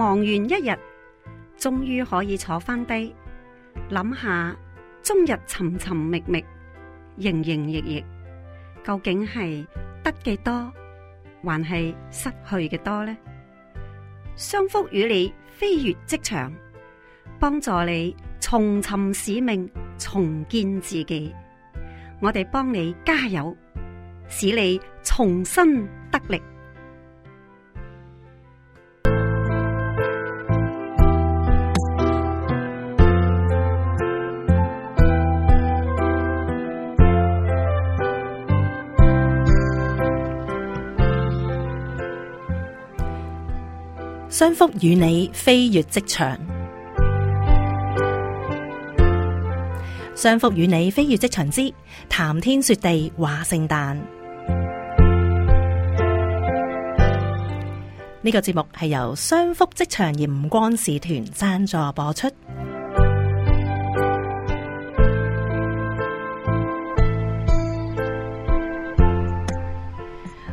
忙完一日，終於可以坐翻低，諗下終日尋尋覓覓，營營役役，究竟係得嘅多，還係失去嘅多呢？商福與你飛越職場，幫助你重尋使命，重建自己。我哋幫你加油，使你重新。商福與你飛越職場，商福與你飛越職場之談天說地話聖誕，呢 個節目係由商福職場鹽光使團贊助播出。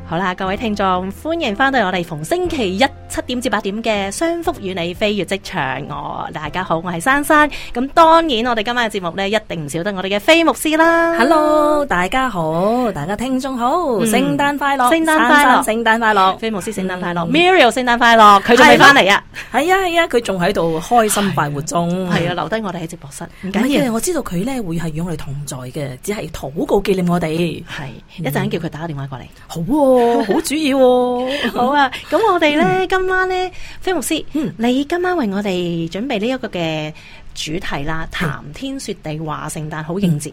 好啦，各位聽眾，歡迎翻到我哋逢星期一七點至八點嘅《商福與你飛越職場》。我大家好，我係珊珊。咁當然，我哋今晚嘅節目呢，一定唔少得我哋嘅飛牧師啦。Hello，大家好，大家聽眾好，聖誕快樂，聖誕快樂，聖誕快樂，飛牧師聖誕快樂，Merry 聖誕快樂。佢仲未翻嚟啊？係啊係啊，佢仲喺度開心快活中。係啊，留低我哋喺直播室，唔緊要。我知道佢呢會係與我哋同在嘅，只係禱告紀念我哋。係一陣叫佢打個電話過嚟，好。 好主意，哦， 好啊！咁我哋呢，嗯、今晚呢，菲牧師，嗯、你今晚為我哋準備呢一個嘅主題啦，談、嗯、天說地話聖誕好迎接。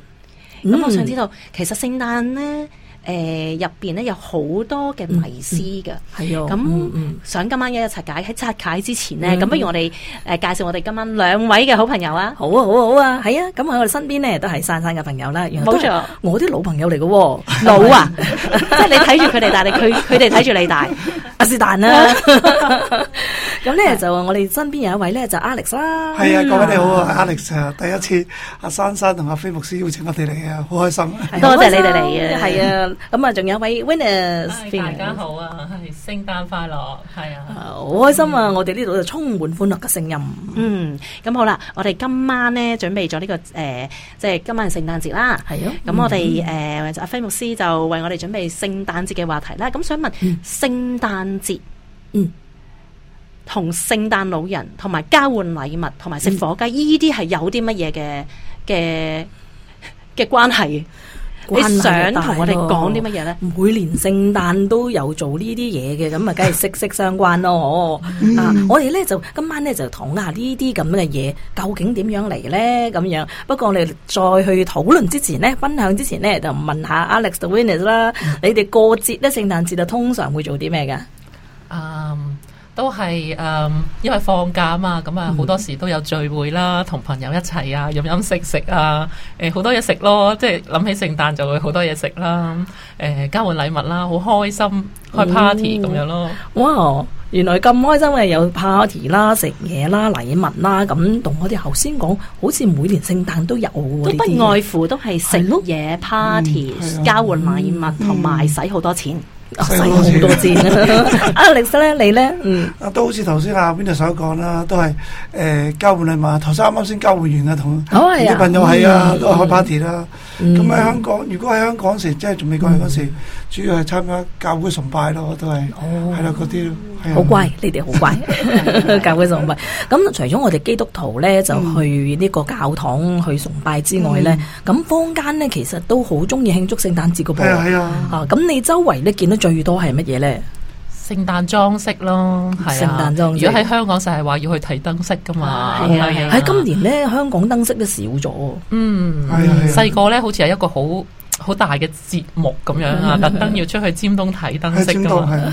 咁、嗯、我想知道，其實聖誕呢？誒入邊咧有好多嘅迷思㗎，係啊，咁想今晚一一拆解。喺拆解之前呢，咁、嗯、不如我哋誒、呃、介紹我哋今晚兩位嘅好朋友啊，好啊，好啊，係啊，咁喺我哋身邊咧都係姍姍嘅朋友啦、啊，冇錯，我啲老朋友嚟嘅喎，錯老啊，即係 你睇住佢哋大，但係佢佢哋睇住你大，阿是但啦。 咁咧就我哋身邊有一位咧就 Alex 啦，係啊，各位你好啊，Alex 啊，第一次阿珊珊同阿菲牧斯邀請我哋嚟啊，好開心，多謝你哋嚟啊！係啊，咁啊仲有一位 Winners，大家好啊，係聖誕快樂，係啊，好開心啊，我哋呢度就充滿歡樂嘅聲音，嗯，咁好啦，我哋今晚咧準備咗呢個誒，即係今晚聖誕節啦，係啊！咁我哋誒阿菲牧斯就為我哋準備聖誕節嘅話題啦，咁想問聖誕節，嗯。同聖誕老人同埋交換禮物同埋食火雞，依啲係有啲乜嘢嘅嘅嘅關係？關係你想同我哋講啲乜嘢咧？每年聖誕都有做呢啲嘢嘅，咁啊，梗係息息相關咯。嗯嗯、我哋咧就今晚咧就討論下呢啲咁嘅嘢，究竟點樣嚟咧咁樣？不過我哋再去討論之前咧，分享之前咧，就問下 Alex，Winners 啦、嗯，嗯、你哋過節咧聖誕節就通常會做啲咩嘅？嗯。Um, 都係誒、嗯，因為放假啊嘛，咁啊好多時都有聚會啦，同朋友一齊啊，飲飲食食啊，誒、呃、好多嘢食咯，即係諗起聖誕就會好多嘢食啦，誒、呃、交換禮物啦，好開心開 party 咁、嗯、樣咯。哇，原來咁開心嘅有 party 啦，食嘢啦，禮物啦，咁同我哋頭先講，好似每年聖誕都有都不外乎都係食嘢 party、嗯、交換禮物同埋使好多錢。嗯好多錢啊！阿 Lex 咧，你咧，嗯，啊，都好似頭先阿邊度所講啦，都係誒、呃、交換禮物。頭先啱啱先交換完、哦、啊，同啲朋友係啊，嗯、都開 party 啦、啊。咁喺、嗯嗯、香港，如果喺香港時，即係仲未過去嗰時。嗯主要係參加教會崇拜咯，我都係，係啦嗰啲咯。好乖，你哋好乖，教會崇拜。咁除咗我哋基督徒咧，就去呢個教堂去崇拜之外咧，咁坊間咧其實都好鍾意慶祝聖誕節噶噃。係啊，啊咁你周圍咧見到最多係乜嘢咧？聖誕裝飾咯，聖誕裝飾。如果喺香港，就係話要去睇燈飾噶嘛。係啊，喺今年咧，香港燈飾都少咗。嗯，係啊，細個咧，好似係一個好好大嘅節目咁樣啊！特登要出去尖東睇燈飾㗎嘛？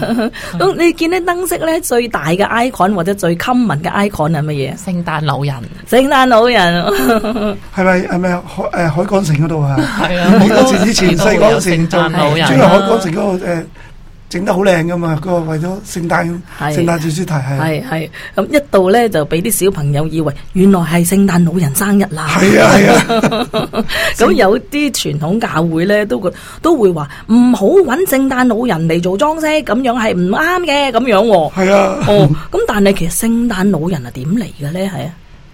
咁你見到燈飾咧，最大嘅 icon 或者最 common 嘅 icon 係乜嘢？聖誕老人。聖誕老人係咪係咪海誒、呃、海港城嗰度啊？係啊！以前以前西港城就係。海港城嗰個整得好靚㗎嘛，個為咗聖誕，啊、聖誕樹主題係係咁一到咧，就俾啲小朋友以為原來係聖誕老人生日啦。係啊係啊，咁有啲傳統教會咧都個都會話唔好搵聖誕老人嚟做裝飾，咁樣係唔啱嘅咁樣喎、哦。係啊，哦，咁但係其實聖誕老人係點嚟嘅咧係啊？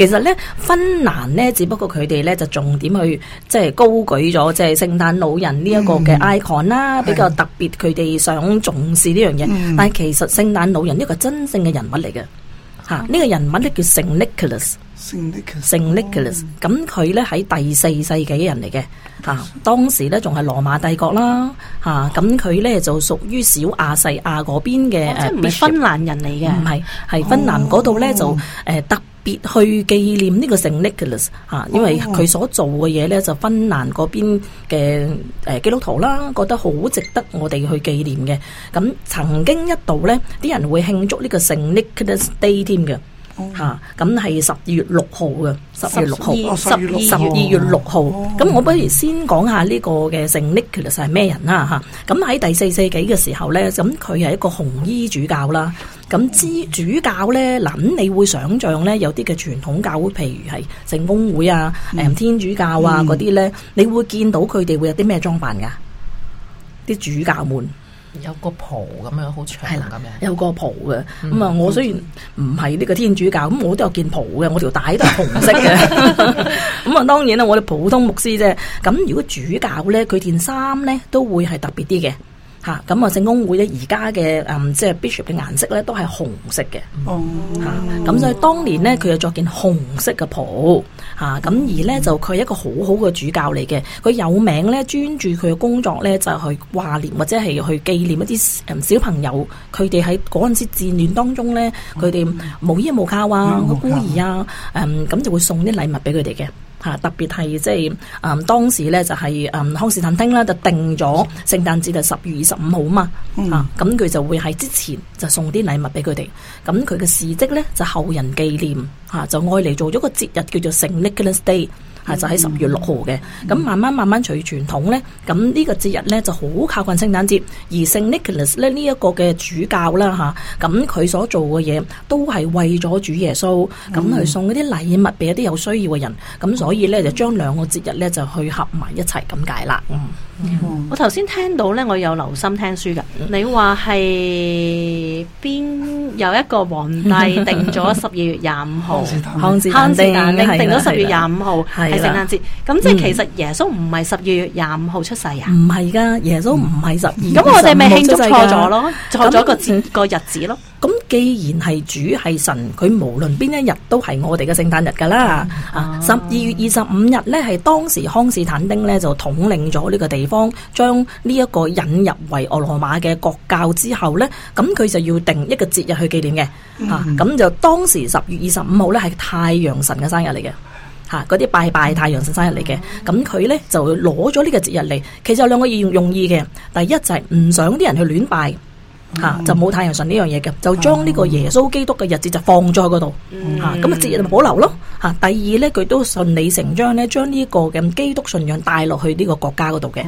其實咧，芬蘭咧，只不過佢哋咧就重點去即係高舉咗即係聖誕老人呢一個嘅 icon 啦，比較特別，佢哋想重視呢樣嘢。但係其實聖誕老人呢個真正嘅人物嚟嘅，吓，呢個人物咧叫聖 Nicholas，聖 Nicholas，咁佢咧喺第四世紀人嚟嘅，吓，當時咧仲係羅馬帝國啦，吓，咁佢咧就屬於小亞細亞嗰邊嘅，誒，唔係芬蘭人嚟嘅，唔係係芬蘭嗰度咧就誒特。別去紀念呢個聖 Nicholas 吓，因為佢所做嘅嘢咧，就芬蘭嗰邊嘅誒基督徒啦，覺得好值得我哋去紀念嘅。咁曾經一度咧，啲人會慶祝呢個聖 Nicholas Day 添嘅吓，咁係十二月六號嘅，十二月六號，十二、哦、月六號。咁、哦、我不如先講下呢個嘅聖 Nicholas 係咩人啦吓。咁、啊、喺、啊、第四世紀嘅時候咧，咁佢係一個紅衣主教啦。咁知主教咧，嗱你會想像咧，有啲嘅傳統教會，譬如係聖公會啊、誒、嗯、天主教啊嗰啲咧，你會見到佢哋會有啲咩裝扮噶？啲、啊、主教們有個袍咁樣，好長咁樣，係啦，有個袍嘅。咁啊、嗯，我雖然唔係呢個天主教，咁、嗯、我都有件袍嘅，我條帶都係紅色嘅。咁啊，當然啦，我哋普通牧師啫。咁如果主教咧，佢件衫咧都會係特別啲嘅。嚇，咁啊聖公會咧，而家嘅、嗯即係 bishop 嘅顏色咧都係紅色嘅，嚇咁所以當年咧佢就着件紅色嘅袍，嚇、啊、咁而咧、oh. 就佢係一個好好嘅主教嚟嘅，佢有名咧專注佢嘅工作咧就係掛念或者係去紀念一啲嗯小朋友，佢哋喺嗰陣時戰亂當中咧佢哋無依無靠啊，孤兒、oh. 啊，嗯咁、嗯、就會送啲禮物俾佢哋嘅。嚇！特別係即係，嗯，當時咧就係、是，嗯，康斯坦丁啦，就定咗聖誕節就十月二十五號嘛，嚇、嗯！咁佢、啊、就會喺之前就送啲禮物俾佢哋，咁佢嘅事蹟咧就後人紀念嚇、啊，就愛嚟做咗個節日叫做 Saint Nicholas Day。係就喺十月六號嘅，咁慢慢慢慢除傳統咧，咁、這、呢個節日咧就好靠近聖誕節，而聖 Nicholas 咧呢一個嘅主教啦吓，咁佢所做嘅嘢都係為咗主耶穌，咁去送啲禮物俾一啲有需要嘅人，咁所以咧就將兩個節日咧就去合埋一齊咁解啦。嗯、我頭先聽到咧，我有留心聽書噶。你話係邊有一個皇帝定咗十二月廿五號，康士坦丁定咗十二月廿五號係聖誕節。咁即係其實耶穌唔係十二月廿五號出世啊？唔係噶，耶穌唔係十二。咁我哋咪慶祝錯咗咯？錯咗個節個日子咯。咁既然係主係神，佢無論邊一日都係我哋嘅聖誕日噶啦。啊，十二月二十五日呢，係當時康斯坦丁呢就統領咗呢個地方，將呢一個引入為俄羅馬嘅國教之後呢，咁佢就要定一個節日去紀念嘅。嚇、嗯哼，咁、啊、就當時十月二十五號呢，係太陽神嘅生日嚟嘅。嚇，嗰啲拜拜太陽神生日嚟嘅。咁佢呢就攞咗呢個節日嚟，其實有兩個意用意嘅。第一就係唔想啲人去亂拜。吓就冇太陽神呢樣嘢嘅，就將呢個耶穌基督嘅日子就放咗喺嗰度吓，咁啊節日咪保留咯吓。第二咧，佢都順理成章咧，將呢、這個嘅基督信仰帶落去呢個國家嗰度嘅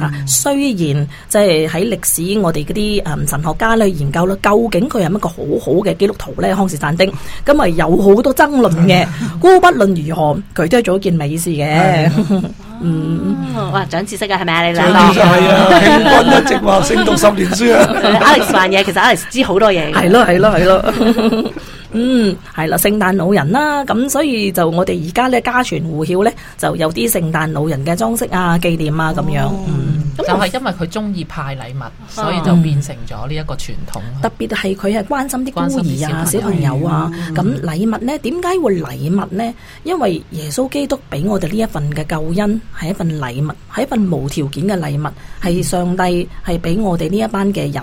吓。雖然即係喺歷史我哋嗰啲誒神學家去研究啦，究竟佢係一個好好嘅基督徒咧，康士坦丁咁啊有好多爭論嘅。姑不論如何，佢都係做一件美事嘅。嗯，啊、嗯哇，長知識嘅係咪啊？你兩老係啊，一直話勝讀十年書啊。食飯嘢其實都係知好多嘢， 係咯係咯係咯，嗯係啦，聖誕老人啦，咁所以就我哋而家咧家傳戶曉咧，就有啲聖誕老人嘅裝飾啊、紀念啊咁樣，咁、嗯哦、就係、是、因為佢中意派禮物，所以就變成咗呢一個傳統、嗯。特別係佢係關心啲孤兒啊、小朋友啊，咁禮、啊哦嗯、物咧點解會禮物咧？因為耶穌基督俾我哋呢一份嘅救恩係一份禮物，係一份無條件嘅禮物，係上帝係俾我哋呢一班嘅人。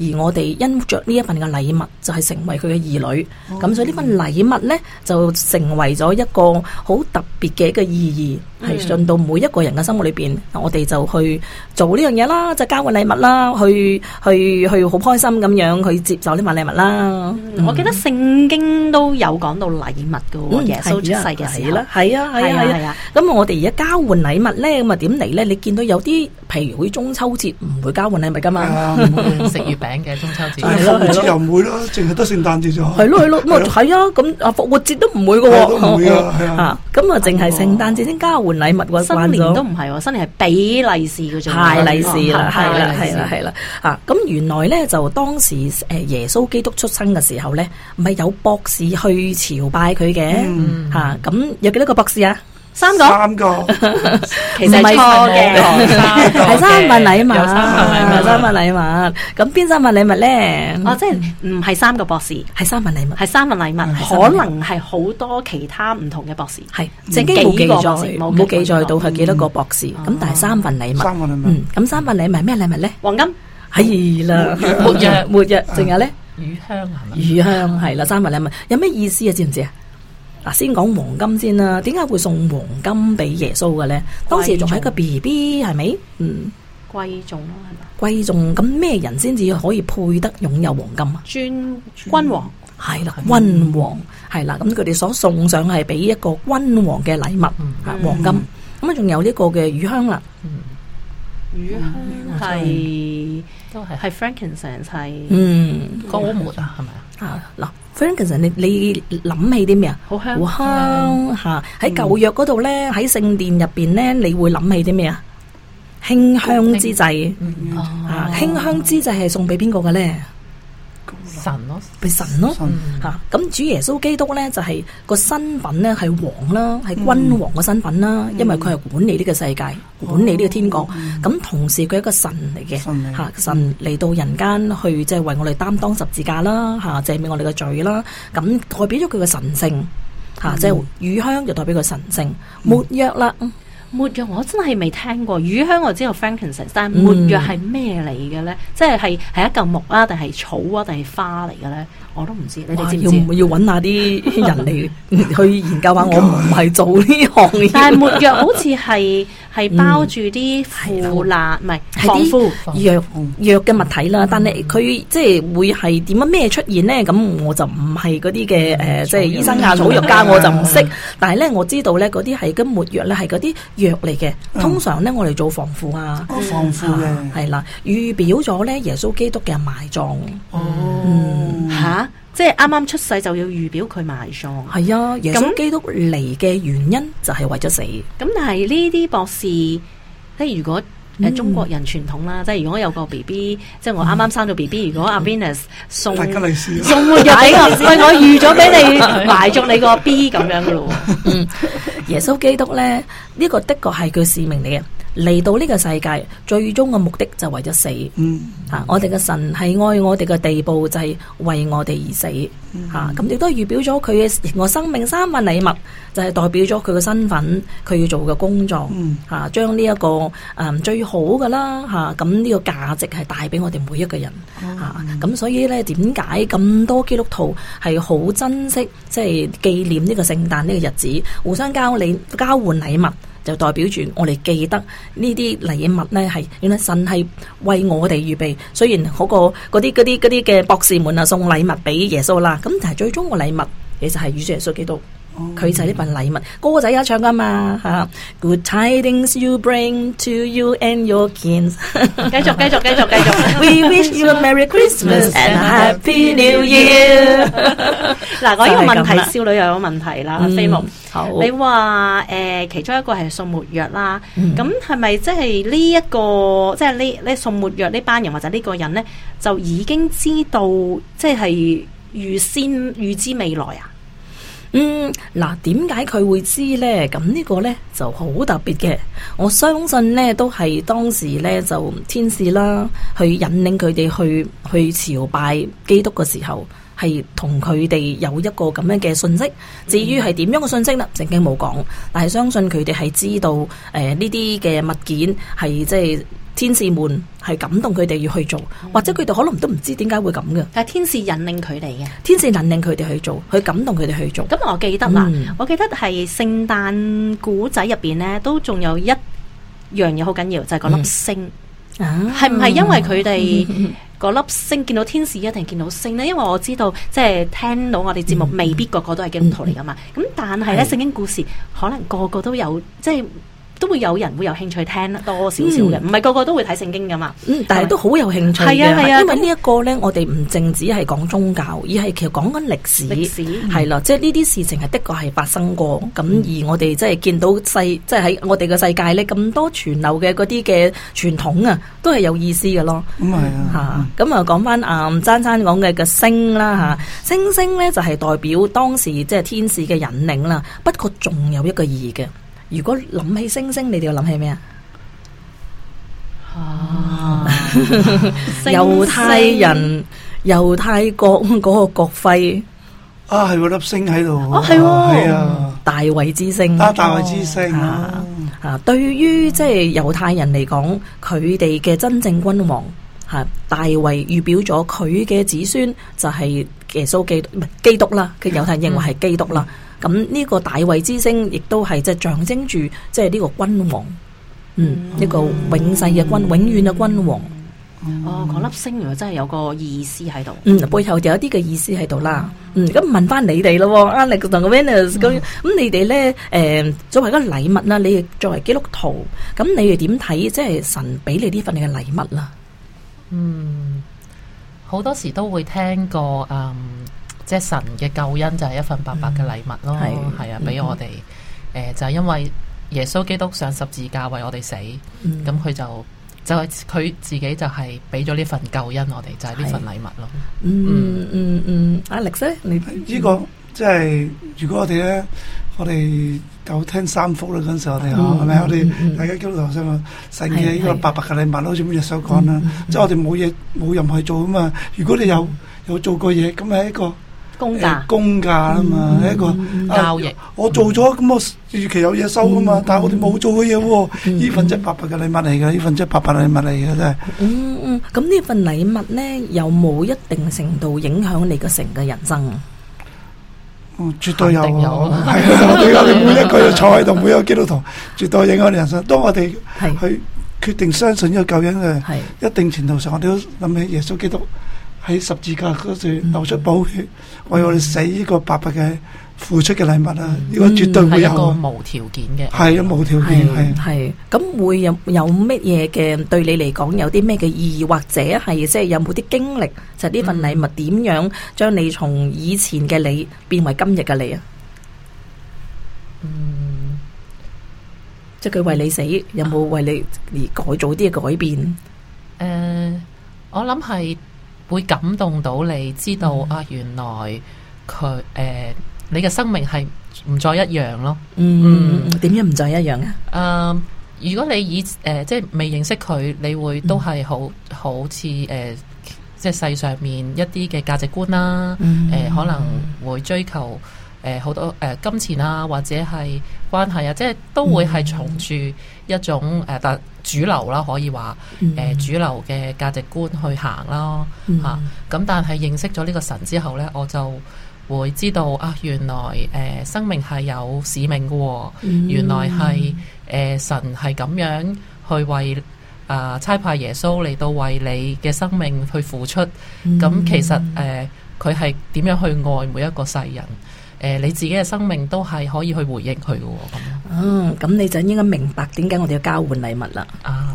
而我哋因着呢一份嘅禮物，就係成為佢嘅兒女。咁所以呢份禮物咧，就成為咗一個好特別嘅一個意義，係、嗯、進到每一個人嘅生活裏邊。我哋就去做呢樣嘢啦，就交換禮物啦，去去去好開心咁樣去接受呢份禮物啦。我記得聖經都有講到禮物嘅喎，嗯、耶穌出世嘅時候啦，係啊，係啊，係啊。咁我哋而家交換禮物咧，咁啊點嚟咧？你見到有啲。譬如，中秋節唔會交換禮物噶嘛，食月餅嘅中秋節。又唔會咯，淨係得聖誕節啫。係咯係咯，咁啊，係啊，咁啊，復活節都唔會嘅喎。都唔會啊，嚇！咁啊，淨係聖誕節先交換禮物喎。新年都唔係喎，新年係俾利是嘅啫。派利是啦，係啦係啦係啦嚇！咁原來咧就當時誒耶穌基督出生嘅時候咧，唔係有博士去朝拜佢嘅嚇。咁有幾多個博士啊？三個，其實唔係錯嘅，係三份禮物，有三份禮物，三份禮物。咁邊三份禮物咧？哦，即係唔係三個博士，係三份禮物，係三份禮物，可能係好多其他唔同嘅博士。係，聖經冇記載，冇記載到係幾多個博士。咁但係三份禮物，嗯，咁三份禮物係咩禮物咧？黃金係啦，沒藥，沒藥，仲有咧？乳香係咪？乳香係啦，三份禮物有咩意思啊？知唔知啊？嗱，先講黃金先啦。點解會送黃金俾耶穌嘅咧？當時仲係一個 B B 係咪？嗯，貴重咯，係咪？貴重咁咩人先至可以配得擁有黃金啊？尊君王係啦，君王係啦。咁佢哋所送上係俾一個君王嘅禮物，嗯，黃金。咁啊，仲有呢個嘅乳香啦，嗯，個乳香係都係，係 Frankincense 係嗯，高木啊，係咪啊？啊，嗱。其實你你諗起啲咩啊？好香，好香吓！喺舊約嗰度咧，喺聖殿入邊咧，你會諗起啲咩慶啊？馨香之祭，馨香之祭係送俾邊個嘅咧？神咯，係神咯，吓，咁主耶穌基督咧就係個身份咧係王啦，係、嗯、君王嘅身份啦，嗯、因為佢係管理呢個世界，管理呢個天國，咁、嗯、同時佢係一個神嚟嘅，吓利、啊、神嚟到人間去即係、就是、為我哋擔當十字架啦，吓，赦免我哋嘅罪啦，咁、啊、代表咗佢嘅神性，吓，即係乳香就代表佢神性，沒、嗯、藥啦。沒藥我真係未聽過，乳香我知道 Frankincense，但沒藥係咩嚟嘅咧？嗯、即係係係一嚿木啊，定係草啊，定係花嚟嘅咧？我都唔知，我哋要要揾下啲人嚟去研究下，我唔係做呢行嘅。但係抹藥好似係係包住啲腐爛，唔係係啲藥藥嘅物體啦。但係佢即係會係點樣咩出現咧？咁我就唔係嗰啲嘅誒，即係醫生啊、草藥家，我就唔識。但係咧，我知道咧，嗰啲係跟抹藥咧，係嗰啲藥嚟嘅。通常咧，我哋做防腐啊，防腐嘅係啦，預表咗咧耶穌基督嘅埋葬。哦，吓！即係啱啱出世就要預表佢埋葬。係啊，耶穌基督嚟嘅原因就係為咗死。咁但係呢啲博士，即係如果誒中國人傳統啦，即係如果有個 BB，即係我啱啱生咗 BB，如果阿 Venus 送送禮物，我預咗俾你埋葬你個 B 咁樣噶咯。嗯，耶穌基督咧呢、這個的確係佢使命嚟嘅。嚟到呢個世界，最終嘅目的就為咗死。嗯，吓我哋嘅神係愛我哋嘅地步，就係為我哋而死。吓咁亦都預表咗佢嘅成個生命，三份禮物，就係代表咗佢嘅身份，佢要做嘅工作。嗯，吓將呢一個誒最好㗎啦，吓咁呢個價值係帶俾我哋每一個人。吓、啊、咁、嗯啊、所以咧，點解咁多基督徒係好珍惜，即係紀念呢個聖誕呢個日子，互相交禮交換禮物？就代表住我哋記得呢啲禮物咧，係原來神係為我哋預備，雖然嗰個嗰啲嗰啲嗰啲嘅博士們啊送禮物俾耶穌啦，咁但係最終個禮物其實係主耶穌基督。佢就係呢份禮物，歌仔有唱噶嘛吓。Good tidings you bring to you and your kin。繼續繼續繼續繼續。We wish you a Merry Christmas and Happy New Year。嗱，我呢個問題，少女又有個問題啦，飛牧。好，你話誒，其中一個係送沒藥啦，咁係咪即係呢一個，即係呢呢送沒藥呢班人或者呢個人咧，就已經知道即係預先預知未來啊？嗯，嗱，點解佢會知呢？咁呢個呢就好特別嘅。我相信呢都係當時呢，就天使啦，去引領佢哋去去朝拜基督嘅時候，係同佢哋有一個咁樣嘅信息。至於係點樣嘅信息呢？聖經冇講，但係相信佢哋係知道誒呢啲嘅物件係即係。天使們係感動佢哋要去做，嗯、或者佢哋可能都唔知點解會咁嘅。但係天使引領佢哋嘅，天使引領佢哋去做，去感動佢哋去做。咁我記得啦，嗯、我記得係聖誕古仔入邊呢都仲有一樣嘢好緊要，就係嗰粒星。係唔係因為佢哋嗰粒星，嗯、見到天使，一定見到星呢？因為我知道，即、就、係、是、聽到我哋節目，嗯、未必個個都係基督徒嚟噶嘛。咁、嗯嗯、但係咧，聖是經故事可能個個都有，即係。都會有人會有興趣聽多少少嘅，唔係個個都會睇聖經噶嘛。嗯，但係都好有興趣嘅。係啊，係啊，因為呢一個咧，我哋唔淨止係講宗教，而係其實講緊歷史。史係啦，即係呢啲事情係的確係發生過。咁而我哋即係見到世，即係喺我哋嘅世界咧，咁多傳流嘅嗰啲嘅傳統啊，都係有意思嘅咯。咁係啊，嚇咁啊，講翻啊，姍姍講嘅嘅星啦嚇，星星咧就係代表當時即係天使嘅引領啦。不過仲有一個意義嘅。如果諗起星星，你哋又諗起咩啊？啊，猶太人猶太國嗰個國徽啊，係喎，粒星喺度，哦，係喎係啊，大衛之星，啊大衛之星啊，啊對於即係猶太人嚟講，佢哋嘅真正君王吓、嗯啊、大衛預表咗佢嘅子孫就係耶穌基督唔係基督啦，佢猶太人認為係基督啦。咁呢個大衛之星，亦都係即係象徵住即係呢個君王，嗯，呢、嗯、個永世嘅君，嗯、永遠嘅君王。嗯、哦，嗰、那、粒、個、星原來真係有個意思喺度，嗯，背後就有啲嘅意思喺度啦。嗯，咁、嗯、問翻你哋咯，Alex 同個 Venus 咁，咁、嗯、你哋咧，誒、呃，作為一個禮物啦，你哋作為基督徒，咁你哋點睇即係神俾你份禮呢份嘅禮物啦？嗯，好多時都會聽過，嗯、um,。即係神嘅救恩就係一份白白嘅禮物咯，係啊，俾我哋，誒，就係因為耶穌基督上十字架為我哋死，咁佢就就係佢自己就係俾咗呢份救恩我哋，就係呢份禮物咯。嗯嗯嗯，阿力 Sir，你呢個即係如果我哋咧，我哋有聽三福咧嗰陣時，我哋啊，係咪？我哋大家基督徒信啊，神嘅呢個白白嘅禮物咯，好似耶穌講啦，即係我哋冇嘢冇任去做啊嘛。如果你有有做過嘢，咁係一個。公價，公價啊嘛，一個交易。我做咗咁我預期有嘢收噶嘛，但係我哋冇做嘅嘢喎。呢份即係白白嘅禮物嚟噶，呢份即係白白禮物嚟噶真係。嗯嗯，咁呢份禮物咧，有冇一定程度影響你個成個人生啊？哦，絕對有啊，係啊，我哋我哋每一個人坐喺度，每一個基督徒，絕對影響你人生。當我哋去決定相信呢個救恩嘅，一定程度上，我哋都諗起耶穌基督。喺十字架嗰時流出寶血，嗯、為我哋死，呢個白白嘅付出嘅禮物啊！呢個、嗯、絕對會有，係一個無條件嘅，係啊是，無條件係。咁是是會有有乜嘢嘅對你嚟講有啲咩嘅意義，或者係即係有冇啲經歷，就呢、是、份禮物點、嗯、樣將你從以前嘅你變為今日嘅你啊？嗯，即係佢為你死，有冇為你而改造啲嘅改變？誒、呃，我諗係。會感動到你知道、嗯、啊，原來佢誒、呃，你嘅生命係唔再一樣咯。嗯、點、嗯、樣唔再一樣啊嗯、呃，如果你以誒、呃、即係未認識佢，你會都係、嗯、好好似誒，即係世上面一啲嘅價值觀啦。誒、嗯呃，可能會追求。誒，好、呃、多誒、呃、金錢啊，或者係關係啊，即係都會係從住一種誒，但、呃、主流啦，可以話誒、呃、主流嘅價值觀去行咯吓。咁、啊、但係認識咗呢個神之後呢，我就會知道啊，原來誒、呃、生命係有使命嘅，原來係誒、呃、神係咁樣去為啊、呃、差派耶穌嚟到為你嘅生命去付出。咁、啊、其實誒佢係點樣去愛每一個世人？誒，你自己嘅生命都係可以去回應佢嘅、哦，咁嗯，咁你就應該明白點解我哋要交換禮物啦。啊，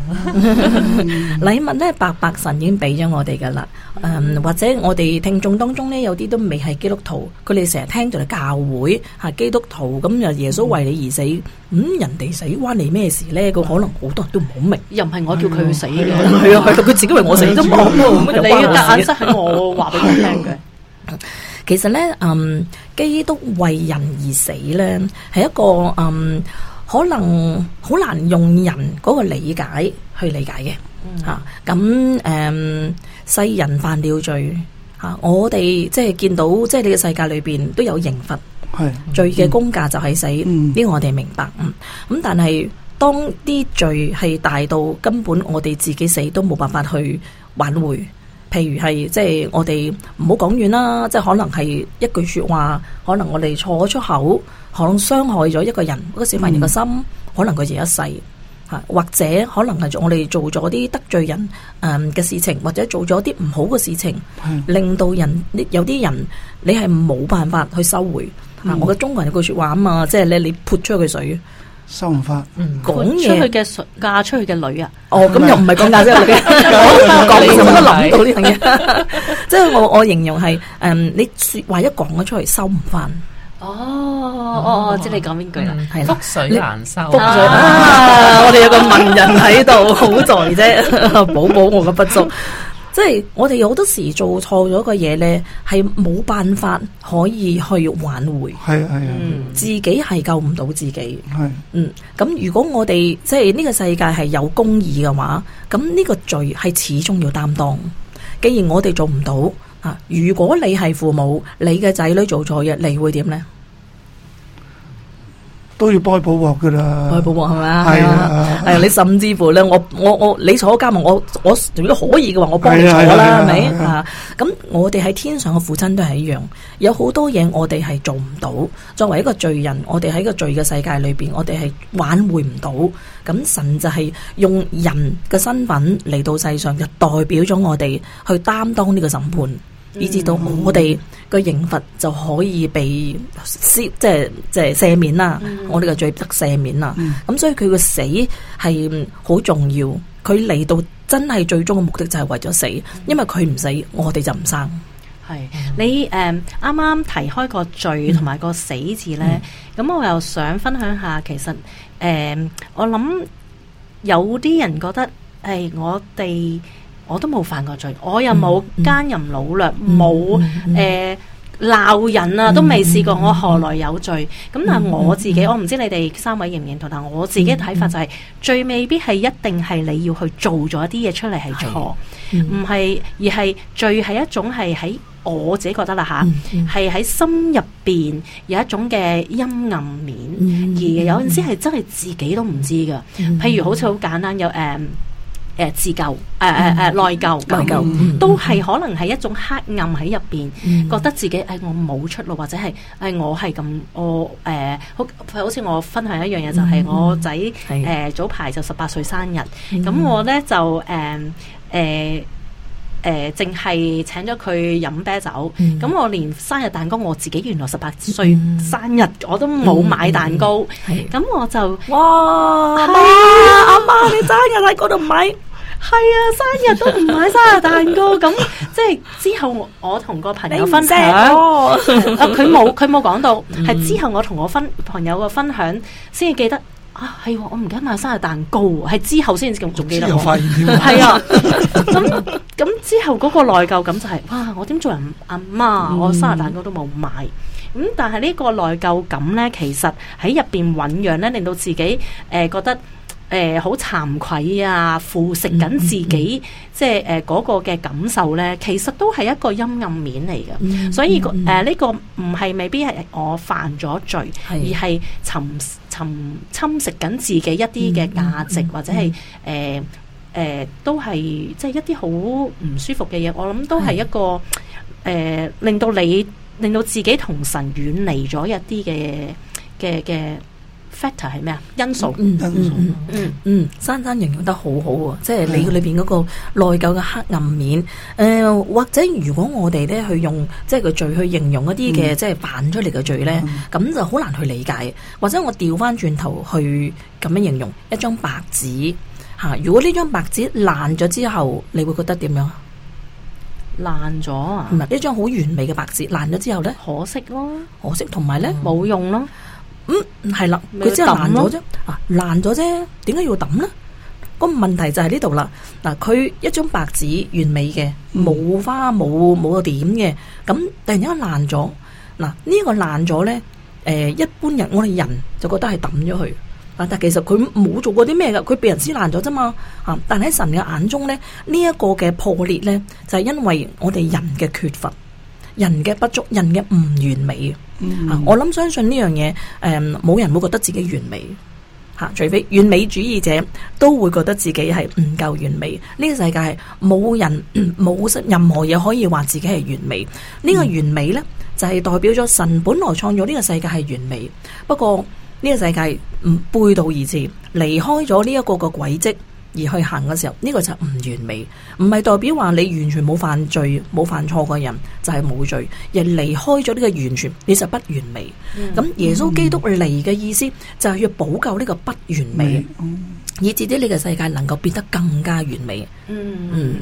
禮 物咧，白白神已經俾咗我哋噶啦。誒、嗯，或者我哋聽眾當中咧，有啲都未係基督徒，佢哋成日聽住嚟教會吓基督徒，咁、嗯、又耶穌為你而死，咁、嗯、人哋死關你咩事咧？個可能好多人都唔好明，又唔係我叫佢去死嘅，係啊、嗯，佢自己為我死都冇咯，你夾硬塞喺我話俾佢聽嘅。 其實咧，嗯，基督為人而死咧，係一個嗯，可能好難用人嗰個理解去理解嘅，吓、啊、咁，誒、嗯，世人犯了罪，吓、啊、我哋即係見到，即係你嘅世界裏邊都有刑罰，係、嗯、罪嘅工價就係死，呢個、嗯、我哋明白，咁、嗯、但係當啲罪係大到根本我哋自己死都冇辦法去挽回。譬如係即係我哋唔好講遠啦，即係可能係一句說話，可能我哋錯咗出口，可能傷害咗一個人嗰個小朋友嘅心，嗯、可能佢自一世吓，或者可能係我哋做咗啲得罪人誒嘅事情，或者做咗啲唔好嘅事情，嗯、令到人有啲人你係冇辦法去收回吓。嗯、我嘅中國人有句說話啊嘛，即係咧你潑出去水。收唔翻，講出去嘅，嫁出去嘅女啊！哦，咁又唔係講嫁出去嘅，我講咁都諗唔到呢樣嘢，即係我我形容係誒，你說話一講咗出去收唔翻。哦哦，即係你講邊句啦？係啦，覆水難收。覆水，我哋有個文人喺度，好在啫，補補我嘅不足。即係我哋有好多時做錯咗個嘢呢，係冇辦法可以去挽回。係啊係啊，嗯，係啊，自己係救唔到自己。係啊，嗯，咁如果我哋即係呢個世界係有公義嘅話，咁呢個罪係始終要擔當。既然我哋做唔到啊，如果你係父母，你嘅仔女做錯嘢，你會點呢？都要幫佢保護嘅啦，幫佢保護係咪啊？係啊，係啊！你甚至乎咧，我我我你坐監咪我我，如果可以嘅話，我幫你坐啦，係咪啊？咁、啊啊啊啊啊、我哋喺天上嘅父親都係一樣，有好多嘢我哋係做唔到，作為一個罪人，我哋喺個罪嘅世界裏邊，我哋係挽回唔到。咁神就係用人嘅身份嚟到世上，就代表咗我哋去擔當呢個審判。以至到我哋個刑罰就可以被赦，即係即係赦免啦。我哋個罪得赦免啦。咁、嗯、所以佢個死係好重要。佢嚟到真係最終嘅目的就係為咗死，因為佢唔死，我哋就唔生。係，你誒啱啱提開個罪同埋個死字呢，咁、嗯、我又想分享下，其實誒、uh, 我諗有啲人覺得係、哎、我哋。我都冇犯過罪，我又冇奸淫擄掠，冇誒鬧人啊，都未試過，我何來有罪？咁但係我自己，我唔知你哋三位認唔認同，但我自己嘅睇法就係、是，罪、嗯嗯、未必係一定係你要去做咗一啲嘢出嚟係錯，唔係、嗯、而係罪係一種係喺我自己覺得啦嚇，係、啊、喺、嗯嗯、心入邊有一種嘅陰暗面，嗯嗯、而有陣時係真係自己都唔知噶。譬如好似好簡單有誒。Um, 誒自救、誒誒誒內疚，內、嗯、都係可能係一種黑暗喺入邊，嗯、覺得自己誒我冇出路，或者係誒我係咁，我誒、呃、好，好似我分享一樣嘢、嗯、就係我仔誒是的、呃、早排就十八歲生日，咁、嗯、我咧就誒誒。呃呃誒，淨係、呃、請咗佢飲啤酒，咁、嗯嗯、我連生日蛋糕我自己原來十八歲、嗯、生日我都冇買蛋糕，咁、嗯、我就哇，係啊，阿媽你生日喺嗰度買，係哇啊，生日都唔買生日蛋糕，咁即係之後我同個朋友分享，佢冇佢冇講到，係、 啊、之後我同我分朋友個分享先至記得。啊，係、啊、我唔記得買生日蛋糕喎，係之後先至咁仲記得我。先有發現添。係啊，咁咁之後嗰個內疚感就係、是，哇，我點做人阿媽，嗯、我生日蛋糕都冇買。咁、嗯、但係呢個內疚感咧，其實喺入邊醞釀咧，令到自己誒、呃、覺得。誒，好慚、呃、愧啊！腐蝕緊自己，嗯嗯、即係誒嗰個嘅感受咧，其實都係一個陰暗面嚟嘅。嗯嗯、所以誒呢、呃呢個唔係未必係我犯咗罪，嗯嗯、而係侵侵侵蝕緊自己一啲嘅價值，嗯嗯嗯嗯、或者係誒誒都係即係一啲好唔舒服嘅嘢。我諗都係一個誒令到你令到自己同神遠離咗一啲嘅嘅嘅。Factor 係咩啊？因素嗯嗯嗯嗯嗯，嗯嗯嗯姍姍形容得好好、啊、喎，嗯、即係你裏邊嗰個內疚嘅黑暗面。誒、呃，或者如果我哋咧去用即係個罪去形容一啲嘅，嗯、即係扮出嚟嘅罪咧，咁、嗯、就好難去理解。或者我調返轉頭去咁樣形容一張白紙吓，如果呢張白紙爛咗之後，你會覺得點樣？爛咗啊！唔係一張好完美嘅白紙，爛咗之後咧，可惜咯，可惜同埋咧冇用咯。嗯，係啦，佢真係爛咗啫，啊爛咗啫，點解要抌咧？個問題就喺呢度啦。嗱，佢一張白紙，完美嘅，冇花冇冇個點嘅，咁突然間爛咗。嗱呢一個爛咗咧，誒、呃、一般人我哋人就覺得係抌咗佢，啊但其實佢冇做過啲咩噶，佢俾人撕爛咗啫嘛，啊但喺神嘅眼中咧，呢、這、一個嘅破裂咧就係因為我哋人嘅缺乏。人嘅不足，人嘅唔完美，mm hmm。我諗相信呢樣嘢，誒、呃，冇人會覺得自己完美吓，除非完美主義者都會覺得自己係唔夠完美。呢、這個世界冇人冇、呃、任何嘢可以話自己係完美。呢、這個完美呢，就係、是、代表咗神本來創造呢個世界係完美，不過呢個世界唔、呃、背道而馳，離開咗呢一個個軌跡，而去行嘅時候，呢、這個就唔完美，唔係代表話你完全冇犯罪、冇犯錯嘅人就係、是、冇罪，而離開咗呢個完全，你就不完美。咁、嗯、耶穌基督嚟嘅意思就係要補救呢個不完美，嗯、以至啲呢個世界能夠變得更加完美。嗯。嗯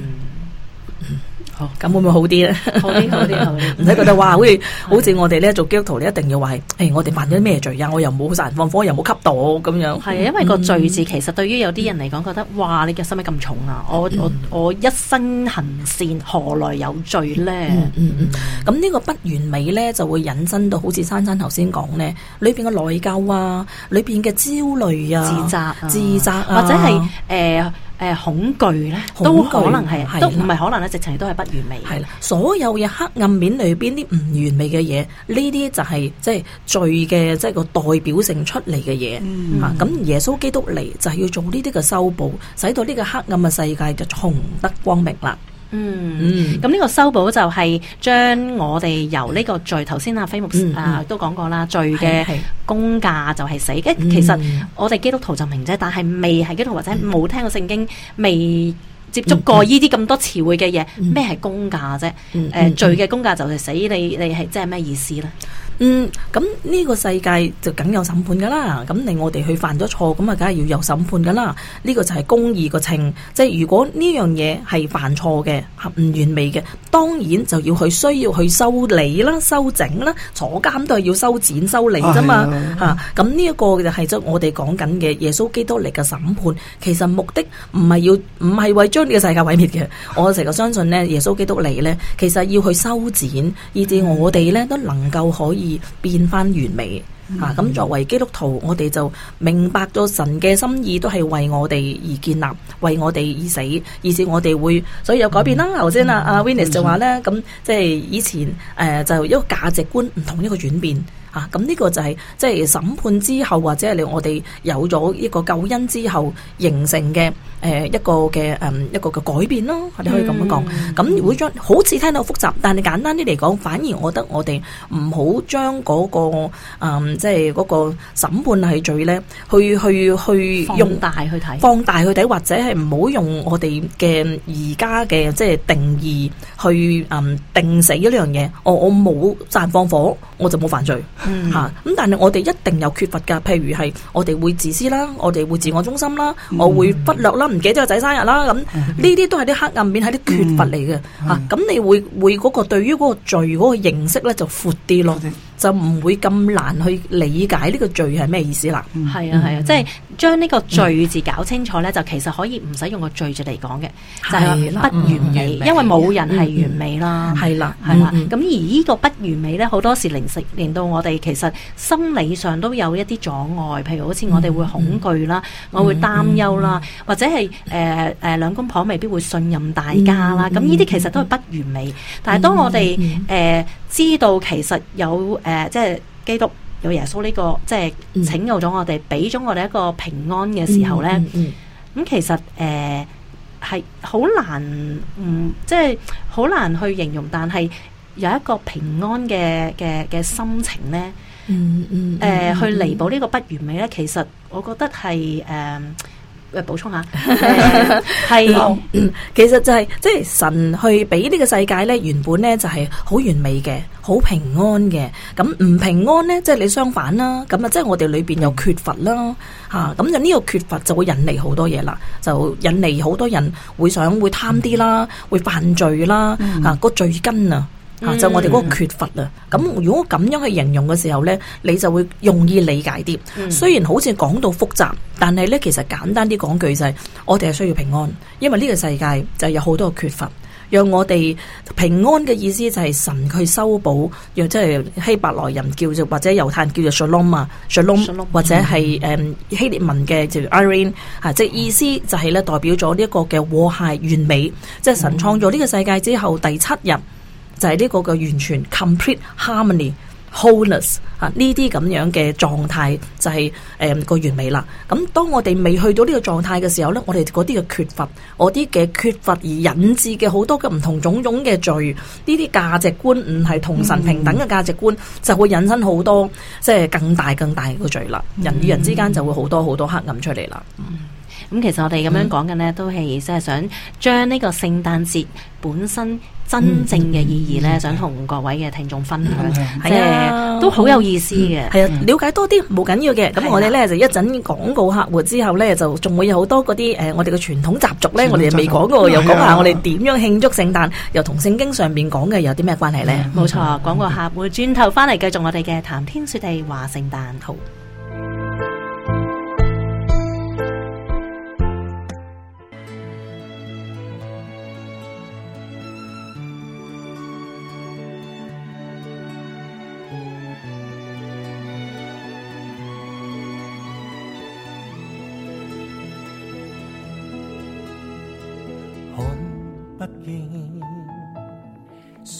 咁、哦、那會唔會好啲咧？好啲，好啲，好啲，唔使覺得哇，好似好似我哋咧的做基督徒，你一定要話誒、哎，我哋犯咗咩罪啊？我又冇殺人放火，又冇吸毒、啊，咁樣。係啊，因為個罪字其實對於有啲人嚟講，覺得哇，你嘅生命咁重啊，我我我一生行善，何來有罪咧？嗯嗯咁、嗯嗯那個、呢個不完美咧，就會引申到好似珊珊頭先講咧，裏邊嘅內疚啊，裏邊嘅焦慮啊，自責、啊、自責、啊、或者係誒。呃誒，恐懼咧，恐懼懼可能係，的都唔係可能咧，直情都係不完美。係啦，所有嘅黑暗面裏邊啲唔完美嘅嘢，呢啲就係即係罪嘅，即係個代表性出嚟嘅嘢。啊、嗯，咁耶穌基督嚟就係、是、要做呢啲嘅修補，使到呢個黑暗嘅世界就重得光明啦。嗯，咁呢、嗯嗯、個修補就係將我哋由呢個罪，頭先阿飛牧啊,、嗯嗯、啊都講過啦，罪嘅工價就係死。咁、嗯、其實我哋基督徒就明啫，但係未係基督徒或者冇聽過聖經，嗯、未接觸過、嗯、呢啲咁多詞彙嘅嘢，咩係工價啫？誒、嗯呃，罪嘅工價就係死，你你係即係咩意思咧？嗯，咁呢個世界就梗有審判噶啦，咁令我哋去犯咗錯，咁啊梗係要有審判噶啦。呢、這個就係公義個情，即係如果呢樣嘢係犯錯嘅，係唔完美嘅，當然就要去需要去修理啦、修整啦。坐監都係要修剪、修理啫嘛。吓、啊，咁呢一個就係即我哋講緊嘅耶穌基督嚟嘅審判，其實目的唔係要唔係為將呢個世界毀滅嘅。我成日相信呢，耶穌基督嚟呢，其實要去修剪，以至我哋呢，都能夠可以。而變翻完美吓咁，嗯啊，作為基督徒，我哋就明白咗神嘅心意，都係為我哋而建立，為我哋而死，以至我哋會所以有改變啦。頭先、嗯、啊，阿 Venus 就話咧，咁即係以前誒、呃，就一個價值觀唔同一個轉變。啊，咁、這、呢個就係即係審判之後或者係你我哋有咗一個救恩之後形成嘅誒一個嘅誒、嗯、一個嘅改變咯，我哋可以咁樣講。咁、嗯嗯、會將好似聽到複雜，但係簡單啲嚟講，反而我覺得我哋唔好將嗰、那個誒即係個審判係罪咧，去去去用放大去睇，放大去睇，或者係唔好用我哋嘅而家嘅即係定義去誒、嗯、定死呢樣嘢。我我冇贊放火，我就冇犯罪。吓咁、嗯啊，但係我哋一定有缺乏噶，譬如係我哋會自私啦，我哋會自我中心啦，嗯、我會忽略啦，唔記得個仔生日啦，咁呢啲都係啲黑暗面，係啲缺乏嚟嘅吓。咁、嗯嗯啊、你會會嗰個對於嗰個罪嗰個認識咧，就闊啲咯。就唔會咁難去理解呢個罪係咩意思啦？係啊係啊，嗯、即係將呢個罪字搞清楚呢，就其實可以唔使用，用個罪字嚟講嘅，就係不完美，因為冇人係完美啦。係啦係啦，咁而呢個不完美呢，好多時令食令到我哋其實心理上都有一啲阻礙，譬如好似我哋會恐懼啦，我會擔憂啦，或者係誒誒兩公婆未必會信任大家啦，咁呢啲其實都係不完美。但係當我哋誒。知道其實有誒、呃，即係基督有耶穌呢、這個，即係拯救咗我哋，俾咗我哋一個平安嘅時候呢。咁、嗯嗯嗯、其實誒係好難，唔即係好難去形容。但係有一個平安嘅嘅嘅心情呢，誒、嗯嗯嗯呃、去彌補呢個不完美呢。其實我覺得係誒。呃誒補充下，係其實就係即係神去俾呢個世界咧，原本咧就係好完美嘅，好平安嘅。咁唔平安咧，即係你相反啦。咁啊，即係我哋裏邊又缺乏啦，嚇咁就呢個缺乏就會引嚟好多嘢啦，就引嚟好多人會想會貪啲啦，嗯、會犯罪啦，啊、個罪根啊！就我哋嗰個缺乏啊！咁、嗯、如果咁樣去形容嘅時候咧，你就會容易理解啲。嗯、雖然好似講到複雜，但係咧其實簡單啲講句就係、是，我哋係需要平安，因為呢個世界就有好多嘅缺乏。讓我哋平安嘅意思就係神去修補，又即係希伯來人叫做或者猶太人叫做 Shalom 啊。Shalom 或者係誒、um, 希臘文嘅就叫 Irene 即係意思就係咧代表咗呢一個嘅和諧完美。即、就、係、是、神創造呢個世界之後第七日。就係呢個個完全 complete harmony wholeness 啊，呢啲咁樣嘅狀態就係、是、誒、嗯、個完美啦。咁當我哋未去到呢個狀態嘅時候呢，我哋嗰啲嘅缺乏，我啲嘅缺乏而引致嘅好多嘅唔同種種嘅罪，呢啲價值觀唔係同神平等嘅價值觀，嗯、就會引申好多即係、就是、更大更大嘅罪啦。嗯、人與人之間就會好多好多黑暗出嚟啦。咁、嗯嗯、其實我哋咁樣講緊呢，都係即係想將呢個聖誕節本身。真正嘅意義咧，想同各位嘅聽眾分享，即係都好有意思嘅。係啊，瞭解多啲冇緊要嘅。咁我哋咧就一陣廣告客戶之後咧，就仲會有好多嗰啲誒，我哋嘅傳統習俗咧，我哋未講過，又講下我哋點樣慶祝聖誕，又同聖經上面講嘅有啲咩關係咧？冇錯，廣告客戶轉頭翻嚟繼續我哋嘅談天說地話聖誕好。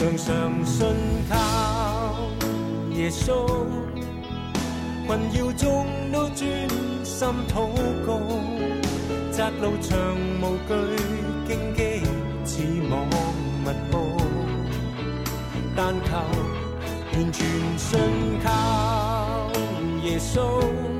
常常信靠耶穌，困擾中都專心禱告，窄路長無懼，荊棘似網密佈，但求完全信靠耶穌。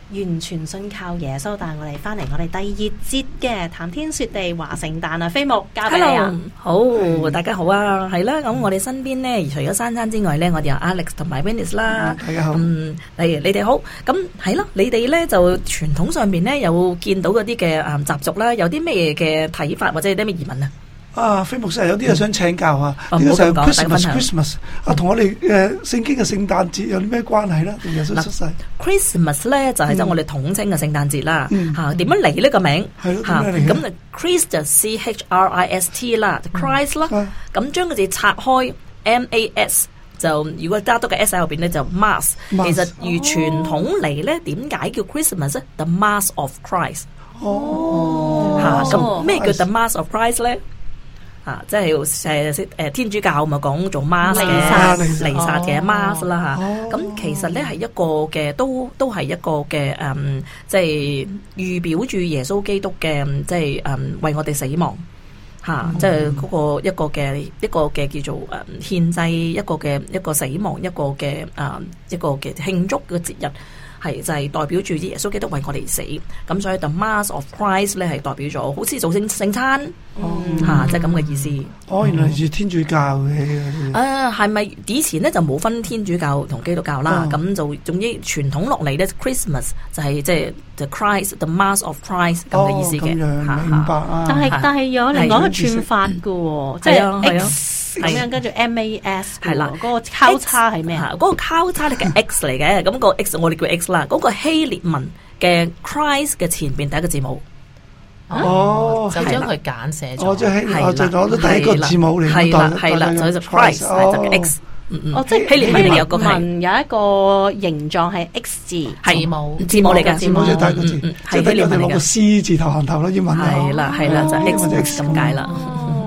完全信靠耶穌，但我哋翻嚟，我哋第二節嘅談天說地話聖誕啊，飛牧交俾你啊！Hello, 好，嗯、大家好啊，係啦。咁我哋身邊呢，除咗珊珊之外呢，我哋有 Alex 同埋 Wendy 啦、嗯。大家好，嗯，你哋好。咁係咯，你哋呢，就傳統上面呢，有見到嗰啲嘅誒習俗啦，有啲咩嘅睇法或者有啲咩疑問啊？啊，飛牧生有啲嘢想請教、嗯 mas, 嗯我呃就是我嗯、啊，呢、這個就 Christmas，Christmas 啊，同我哋嘅聖經嘅聖誕節有啲咩關係呢？定耶穌出世？Christmas 咧就係我哋統稱嘅聖誕節啦，嚇點樣嚟呢個名？咁就 Christ 就 C H R I S T 啦，Christ 啦，咁將佢字拆開 M A S 就如果加多個 S 喺後邊咧就 Mass。其實、哦、如傳統嚟咧，點解叫 Christmas 咧？The Mass of Christ。哦。嚇咁咩叫 The Mass of Christ 咧、哦？啊！即係誒，天主教咪講做 mass 嘅彌撒嘅 mass 啦吓、哦。咁、啊、其實咧係一個嘅，都都係一個嘅，嗯，即、就、係、是、預表住耶穌基督嘅，即、就、係、是、嗯為我哋死亡吓，即係嗰個一個嘅一個嘅叫做誒獻祭，一個嘅一、啊、一,一個死亡，一個嘅啊一個嘅慶祝嘅節日。係就係，代表住啲耶穌基督為我哋死，咁所以 the mass of Christ 咧係代表咗好似做聖聖餐，嚇即係咁嘅意思。哦，原來係天主教嘅。啊，係咪以前咧就冇分天主教同基督教啦？咁就總之傳統落嚟咧，Christmas 就係即係 the Christ，the mass of Christ 咁嘅意思嘅嚇。明白啊！但係但係有嚟講個串法嘅，即係係啊。咁樣跟住 M A S 係啦，嗰個交叉係咩啊？嗰個交叉係嘅 X 嚟嘅，咁個 X 我哋叫 X 啦。嗰個希臘文嘅 Christ 嘅前邊第一個字母哦，就將佢簡寫咗，即係係啦，我都第一個字母嚟，係啦係啦，就係 Christ 就 X，哦即係希臘希臘有個文有一個形狀係 X 字字母，字母嚟嘅，字母嗯嗯，就等於個 C 字頭行頭咯，英文係啦係啦就 X 咁解啦。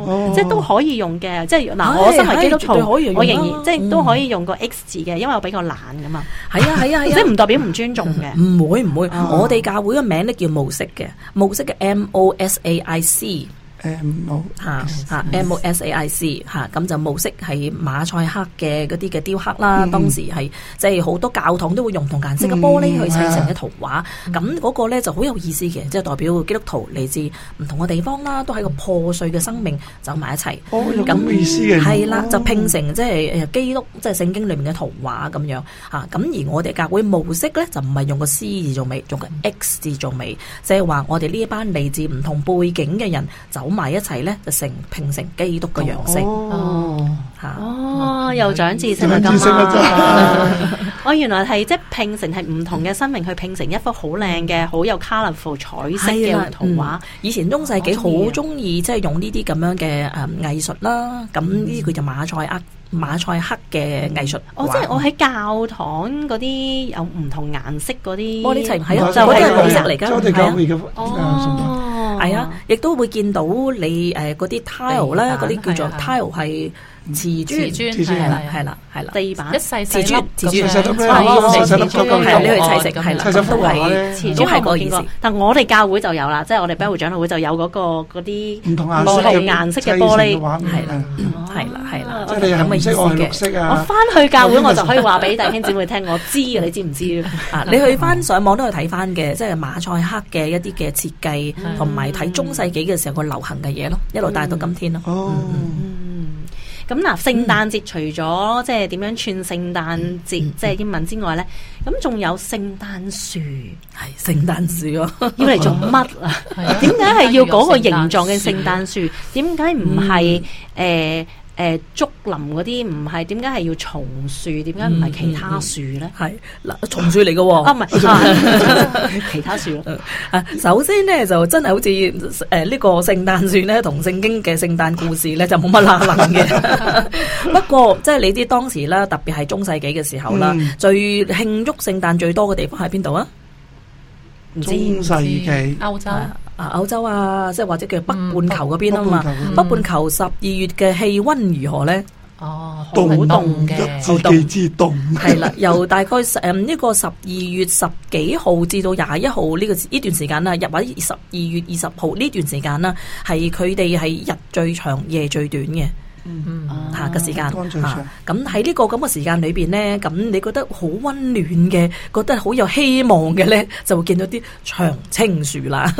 哦、即係都可以用嘅，即係嗱，是我身為基督徒，我仍然、嗯、即係都可以用個 X 字嘅，因為我比較懶噶嘛。係啊係啊，啊 即唔代表唔尊重嘅，唔會唔會。會哦、我哋教會個名咧叫模式嘅，模式嘅 M O S A I C。冇吓吓，M O S A I C 吓，咁就模式係馬賽克嘅嗰啲嘅雕刻啦。C，嗯嗯、當時係即係好多教堂都會用同顏色嘅玻璃去砌成嘅圖畫。咁嗰、嗯嗯、個咧就好有意思嘅，即、就、係、是、代表基督徒嚟自唔同嘅地方啦，都係個破碎嘅生命走埋一齊。哦，咁嘅意思嘅，係、嗯、啦，就拼成即係誒基督，即係聖經裏面嘅圖畫咁樣吓。咁、啊、而我哋教會模式咧就唔係用個 C 字做尾，用個 X 字做尾，即係話我哋呢一班嚟自唔同背景嘅人走埋一齊咧，就成拼成基督嘅樣式。哦，吓、啊，哦，又長知識咁啊！我 原來係即係拼成係唔同嘅生命、嗯、去拼成一幅好靚嘅、嗯、好有 colorful 彩色嘅圖畫。以前中世紀好中意即係用呢啲咁樣嘅誒藝術啦。咁呢佢就馬賽克。嗯嗯嗯馬賽克嘅藝術，哦，即係我喺教堂嗰啲有唔同顏色嗰啲，玻璃砌，係啊，就係藝術嚟㗎，係啊，亦都會見到你誒嗰啲 tile 啦，嗰啲叫做 tile 係。瓷磚係啦，係啦，係啦，地板，一細細粒，瓷磚，係你去砌石，係啦，都係都係嗰個意思。但我哋教會就有啦，即係我哋 Bible 長老會就有嗰個嗰啲唔同顏色嘅玻璃，係啦，係啦，係啦。咁嘅意思嘅？我翻去教會我就可以話俾弟兄姊妹聽，我知啊，你知唔知？你去翻上網都去睇翻嘅，即係馬賽克嘅一啲嘅設計，同埋睇中世紀嘅時候個流行嘅嘢咯，一路帶到今天咯。咁嗱，聖誕節除咗即係點樣串聖誕節，嗯嗯、即係英文之外咧，咁仲有聖誕樹，係聖誕樹咯，啊， 要嚟做乜啊？點解係要嗰個形狀嘅聖誕樹？點解唔係誒？嗯呃誒、呃，竹林嗰啲唔係，點解係要松樹？點解唔係其他樹咧？係嗱、嗯，松樹嚟嘅。哦，唔係、啊、 其他樹咯、啊。首先咧就真係好似誒、呃這個、呢個聖誕樹咧，同聖經嘅聖誕故事咧就冇乜啦啦嘅。 不過即係、就是、你知當時啦，特別係中世紀嘅時候啦，嗯、最慶祝聖誕最多嘅地方喺邊度啊？中世紀歐洲啊，歐洲啊，即係或者叫北半球嗰邊啊嘛。嗯、北半球十二、啊嗯、月嘅氣温如何咧？哦，好凍嘅，一至之凍。係啦 由大概十呢、嗯這個十二月十幾號至到廿一號呢個呢段時間啊，入或者十二月二十號呢段時間啦、啊，係佢哋係日最長夜最短嘅。嗯，下個時間咁喺呢個咁嘅時間裏邊咧，咁你覺得好温暖嘅，覺得好有希望嘅咧，就會見到啲長青樹啦。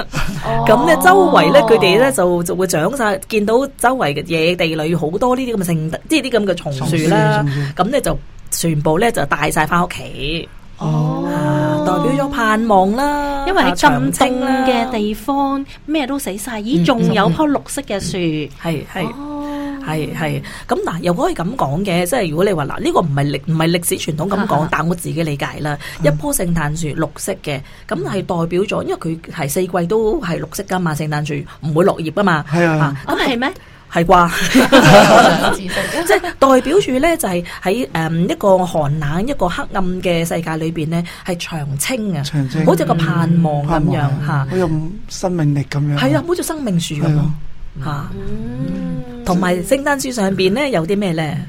咁咧周圍咧，佢哋咧就就會長晒，見到周圍嘅野地裏好多呢啲咁嘅成，即係啲咁嘅松樹啦。咁咧就全部咧就帶晒返屋企。哦，代表咗盼望啦，因為喺咁靜嘅地方，咩都死晒，咦，仲有棵綠色嘅樹，係係。系係咁嗱，又可以咁講嘅。即係如果你話嗱，呢個唔係歷唔係歷史傳統咁講，但我自己理解啦，一棵聖誕樹綠色嘅，咁係代表咗，因為佢係四季都係綠色噶嘛，聖誕樹唔會落葉噶嘛。係啊，咁係咩？係啩，即係代表住咧，就係喺誒一個寒冷、一個黑暗嘅世界裏邊咧，係長青啊，長青，好似個盼望咁樣嚇，用生命力咁樣，係啊，好似生命樹咁。吓，同埋聖誕樹上邊咧有啲咩咧？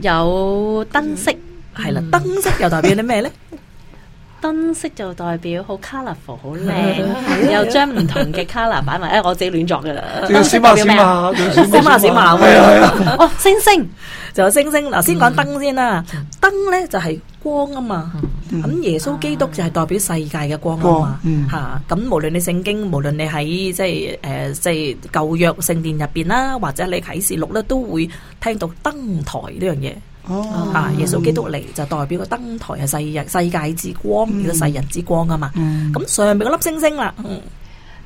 有燈飾，係啦，燈飾又代表啲咩咧？燈飾就代表好 colourful，好靚，又將唔同嘅 color 擺埋，我自己亂作噶啦。小馬，小馬，小馬，小馬。哦，星星就有星星。嗱，先講燈先啦，燈咧就係，光啊嘛，咁、嗯、耶穌基督就係代表世界嘅光啊嘛，吓咁、嗯啊、無論你聖經，無論你喺即係誒、呃、即係舊約聖殿入邊啦，或者你啟示錄咧，都會聽到燈台呢樣嘢。哦，吓、啊嗯、耶穌基督嚟，就代表個燈台係世人世界之光，叫、嗯、世人之光啊嘛。咁、嗯嗯、上面嗰粒星星啦，嗯、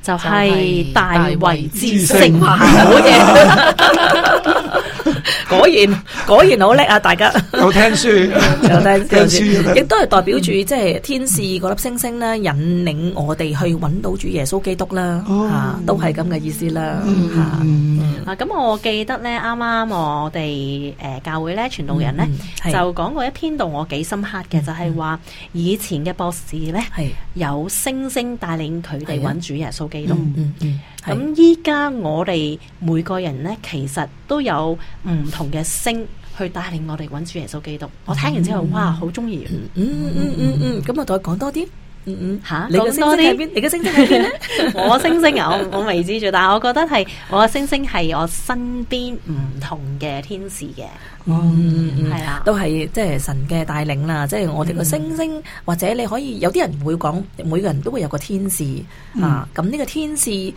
就係大衛之星啊。 果然果然好叻啊！大家，有聽書，有聽聽書，亦都係代表住即係天使嗰粒星星咧，引領我哋去揾到主耶穌基督啦，吓，都係咁嘅意思啦，吓。咁我記得咧，啱啱我哋誒教會咧，傳道人咧就講過一篇，到我幾深刻嘅，就係話以前嘅博士咧，有星星帶領佢哋揾主耶穌基督。咁依家我哋每個人咧，其實都有唔同嘅星去帶領我哋揾主耶穌基督，我聽完之後，哇，好中意，嗯嗯嗯嗯嗯，咁、嗯嗯嗯嗯嗯嗯、我再講多啲。嗯嗯，吓、啊、你嘅星星喺邊？點你嘅星星喺邊咧？我星星啊，我我未知住，但係我覺得係我嘅星星係我身邊唔同嘅天使嘅，係啊，都係即係神嘅帶領啦。即、就、係、是、我哋嘅星星，嗯、或者你可以有啲人會講，每個人都會有個天使、嗯、啊。咁呢個天使誒，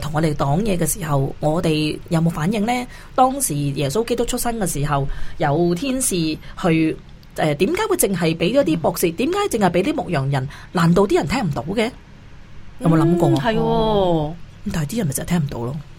同、呃、我哋講嘢嘅時候，我哋有冇反應咧？當時耶穌基督出生嘅時候，有天使去。誒，點解會淨係畀咗啲博士？點解淨係畀啲牧羊人？難道啲人聽唔到嘅？有冇諗過？係、嗯哦哦，但係啲人咪就係聽唔到咯。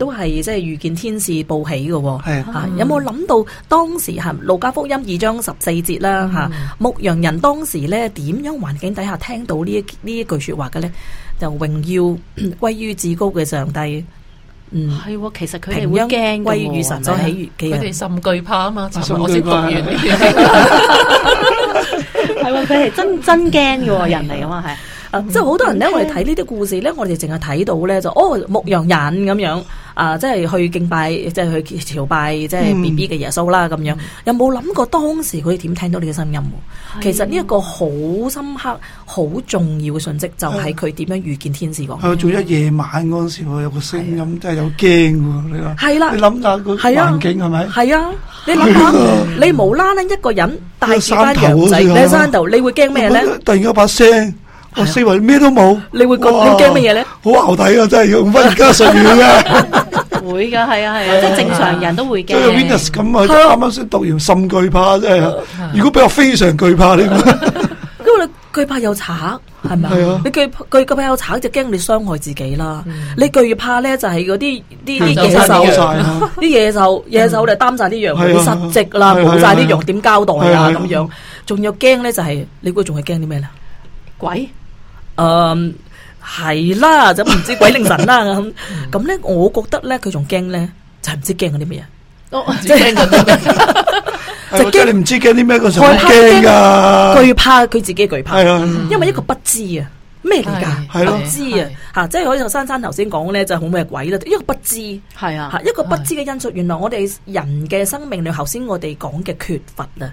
都係即係遇見天使報喜嘅，係啊，有冇諗到當時係、哦、路加福音二章十四節啦，吓、mm. 啊、牧羊人當時咧點樣環境底下聽到呢呢一,一句說話嘅咧，就榮耀歸於至高嘅上帝，嗯，係、嗯哦，其實佢哋會驚、哦，歸於神，就喜悅，佢哋甚懼怕啊嘛，就以我先讀完， 係喎 ，佢係真真驚嘅人嚟啊嘛，係。即係好多人咧，我哋睇呢啲故事咧，我哋淨係睇到咧，就哦牧羊人咁樣啊，即係去敬拜，即係去朝拜，即係 B B 嘅耶穌啦咁樣。有冇諗過當時佢點聽到你嘅聲音？其實呢一個好深刻、好重要嘅訊息，就係佢點樣遇見天使個。係啊，仲夜晚嗰陣時，有個聲音真係有驚嘅。你話係啦，你諗下個環境係咪？係啊，你諗下，你無啦啦一個人帶住班羊仔喺山度，你會驚咩咧？突然間有把聲。四圍咩都冇，你會驚咩嘢咧？好牛底啊，真係用溫家順嘅。會噶，係啊，係啊，即係正常人都會驚。咁啊，啱啱先讀完甚懼怕，真係。如果俾我非常懼怕呢？因為你懼怕有賊，係咪？係啊。你懼怕有賊，就驚你傷害自己啦。你懼怕咧，就係嗰啲啲啲野獸，啲野獸野獸，我擔晒啲羊，冇失職啦，冇晒啲羊，點交代啊？咁樣，仲要驚咧，就係你估仲係驚啲咩咧？鬼？誒，係啦、um，就唔知鬼靈神啦咁。咁咧、嗯，我覺得咧，佢仲驚咧，就唔、是、知驚嗰啲咩嘢。哦、oh，即係驚就唔知驚啲咩？個時候驚噶，懼怕佢自己懼怕。啊嗯、因為一個不知啊，咩嚟噶？係咯，唔知啊，吓、啊，即係好似珊珊頭先講咧，就好咩鬼啦？一個不知係啊，吓一個不知嘅因素。原來我哋人嘅生命裏頭，頭先我哋講嘅缺乏啊。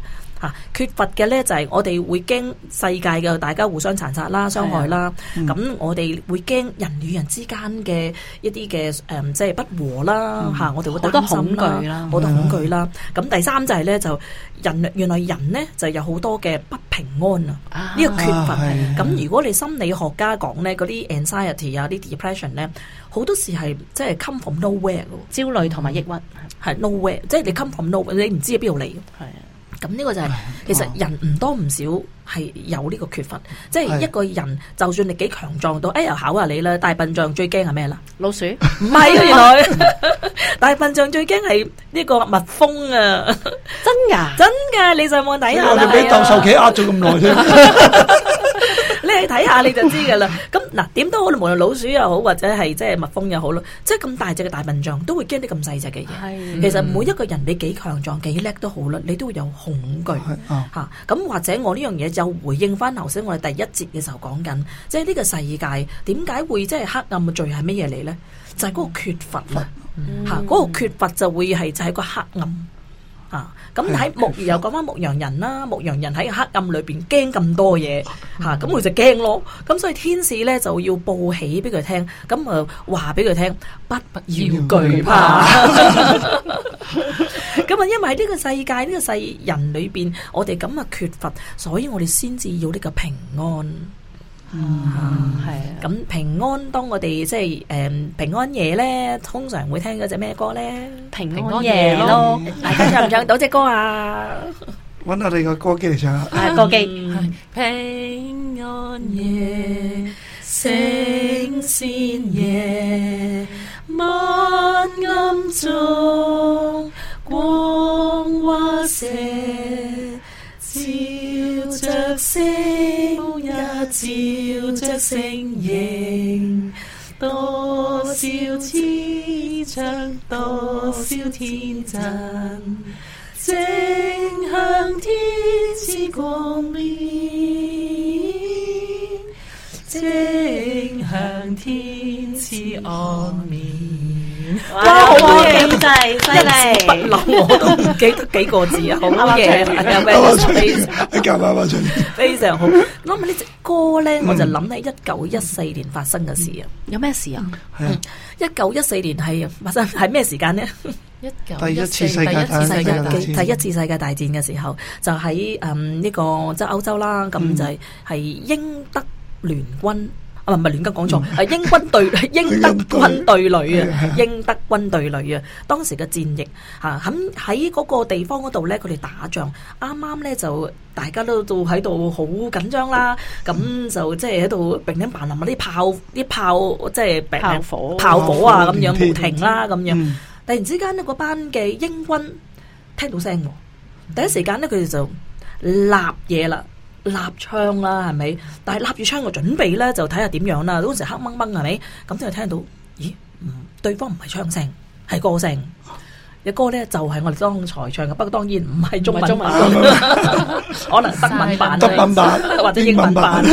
缺乏嘅咧就係我哋會驚世界嘅大家互相殘殺啦、傷害啦，咁我哋會驚人與人之間嘅一啲嘅誒，即係不和啦嚇，我哋會覺得恐懼啦，好多恐懼啦。咁第三就係咧，就人原來人咧就有好多嘅不平安啊，呢個缺乏。咁如果你心理學家講咧，嗰啲 anxiety 啊、啲 depression 咧，好多時係即係 come from nowhere，焦慮同埋抑鬱，係 nowhere，即係你 come from nowhere，你唔知喺邊度嚟。係啊。咁呢個就係，其實人唔多唔少係有呢個缺乏，即係一個人就算你幾強壯到，哎呀考下你啦，大笨象最驚係咩啦？老鼠？唔係 原來，大笨象最驚係呢個蜜蜂啊！真噶真噶，你上網睇啊！我哋俾鬥獸棋壓咗咁耐添。 你去睇下你就知噶啦，咁嗱，點都好，可能無論老鼠又好，或者係即係蜜蜂又好咯，即係咁大隻嘅大笨象都會驚啲咁細隻嘅嘢。嗯、其實每一個人你幾強壯幾叻都好啦，你都會有恐懼吓。咁、哦啊、或者我呢樣嘢就回應翻頭先我哋第一節嘅時候講緊，即係呢個世界點解會即係黑暗嘅罪係乜嘢嚟呢？就係、是、嗰個缺乏啦，吓嗰個缺乏就會係就係個黑暗。啊！咁喺牧又講翻牧羊人啦，牧羊人喺黑暗裏邊驚咁多嘢，吓咁佢就驚咯。咁所以天使咧就要報喜俾佢聽，咁啊話俾佢聽， 不要懼怕。咁啊，因為呢個世界呢個世人裏邊，我哋咁啊缺乏，所以我哋先至要呢個平安。啊，係，咁平安，當我哋即係誒平安夜咧，通常會聽嗰隻咩歌咧？平安夜咯，夜咯 大家唱唔唱到隻歌啊？搵我哋個歌機嚟唱下。歌機。平安夜，聖善夜，晚暗中光，光華射。照着聖母也，照着聖嬰，多少慈祥，多少天真，靜享天賜安眠，靜享天賜安眠。哇，好嘅，真係犀利，諗我都幾幾個字啊，好啱嘅。阿出非常好。諗下呢隻歌咧，我就諗起一九一四年發生嘅事啊，有咩事啊？一九一四年係發生喺咩時間呢？一九一四第一次世界大戰嘅第一次世界大戰嘅時候，就喺誒呢個即係歐洲啦，咁就係係英德聯軍。唔係唔係亂噏講錯，英軍對英德軍對壘啊，英德軍對壘啊。當時嘅戰役吓，喺喺嗰個地方嗰度咧，佢哋打仗啱啱咧就大家都都喺度好緊張啦，咁就即係喺度乒乒乓乓啊！啲炮啲炮即係炮火炮火啊，咁樣冇停啦咁樣。突然之間咧，個班嘅英軍聽到聲，第一時間咧佢哋就立嘢啦。立槍啦，係咪？但係立住槍嘅準備咧，就睇下點樣啦。嗰時黑掹掹係咪？咁就係聽到，咦？嗯、對方唔係槍聲，係歌聲。嘅、啊、歌咧就係、是、我哋當才唱嘅，不過當然唔係中文，可能德文版，或者英文版。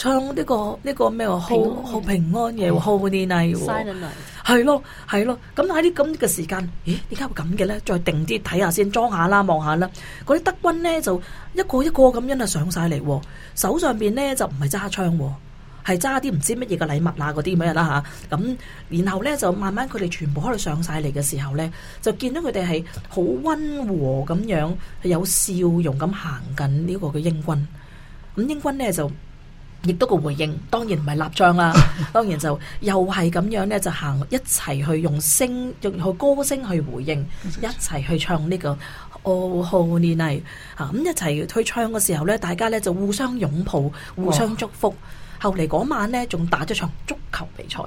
唱呢、呢個呢、呢個咩？哦安，好好平安嘅 holiday，係咯係咯。咁喺啲咁嘅時間，咦？點解會咁嘅咧？再定啲睇下先，裝下啦，望下啦。嗰啲德軍咧就一個一個咁樣啊上晒嚟，手上邊咧就唔係揸槍，啊，係揸啲唔知乜嘢嘅禮物啊嗰啲咩樣啦嚇。咁，啊、然後咧就慢慢佢哋全部開始上晒嚟嘅時候咧，就見到佢哋係好溫和咁樣有笑容咁行緊呢個嘅英軍。咁英軍咧就。亦都個回應，當然唔係立章啦、啊，當然就又係咁樣咧，就行一齊去用聲用用歌聲去回應，一齊去唱呢、這個 Oh Holy Night 吓，咁、 嗯、一齊推唱嘅時候咧，大家咧就互相擁抱，互相祝福。哇後嚟嗰晚咧，仲打咗場足球比賽。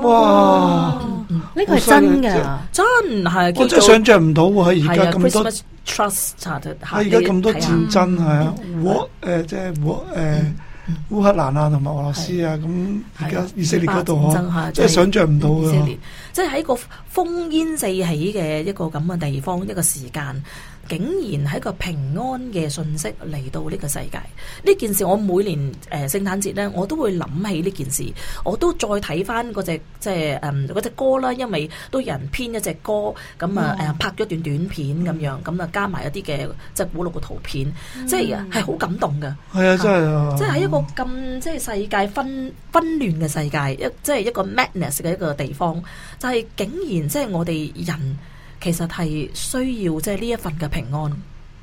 哇！呢個係真噶，真係我真想象唔到喎。而家咁多 trust started 戰爭係、嗯、啊誒，即係誒。呃呃呃呃嗯烏克蘭啊，同埋俄羅斯啊，咁而家以色列嗰度啊，吧即係想象唔到嘅、啊。即係喺個烽煙四起嘅一個咁嘅地方，一個時間。竟然係一個平安嘅訊息嚟到呢個世界，呢件事我每年誒、呃、聖誕節咧，我都會諗起呢件事，我都再睇翻嗰隻即係誒嗰隻歌啦，因為都有人編一隻歌，咁啊誒、嗯啊、拍咗段短片咁樣，咁啊加埋一啲嘅即係古老嘅圖片，嗯、即係係好感動嘅。係、嗯、啊，真係啊！即係喺一個咁即係世界紛紛亂嘅世界，一即係一個 madness 嘅一個地方，就係、是、竟然即係我哋人。其實係需要即係呢一份嘅平安，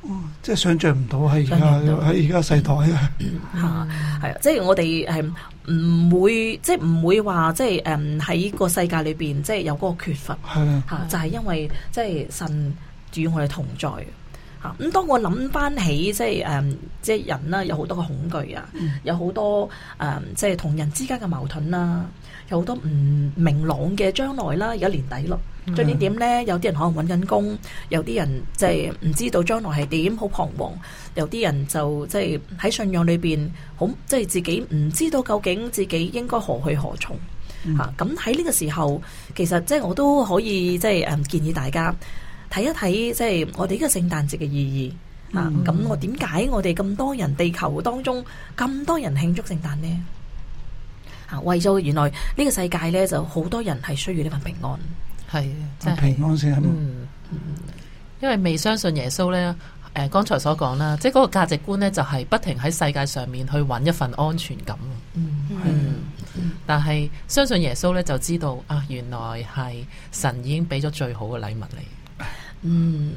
哦、即係想象唔到係而家喺而家嘅世代啊，吓係啊，即係我哋係唔會即係唔會話即係誒喺個世界裏邊即係有嗰個缺乏，吓就係因為即係神與我哋同在，吓、啊、咁當我諗翻起即係誒、嗯、即係人啦、嗯嗯，有好多嘅恐懼啊，有好多誒即係同人之間嘅矛盾啦，有好多唔明朗嘅將來啦，而家年底咯。即係點咧？有啲人可能搵緊工，有啲人即係唔知道將來係點，好彷徨；有啲人就即係喺信仰裏邊，好即係自己唔知道究竟自己應該何去何從吓。咁喺呢個時候，其實即係我都可以即係誒建議大家睇一睇，即係我哋呢個聖誕節嘅意義啊。咁我點解我哋咁多人地球當中咁多人慶祝聖誕呢？吓、啊，為咗原來呢個世界咧，就好多人係需要呢份平安。係，即係平安先係嘛。嗯，因為未相信耶穌呢，誒、呃，剛才所講啦，即係嗰個價值觀呢，就係、是、不停喺世界上面去揾一份安全感。嗯，的嗯，但係相信耶穌呢，就知道啊，原來係神已經俾咗最好嘅禮物你。嗯。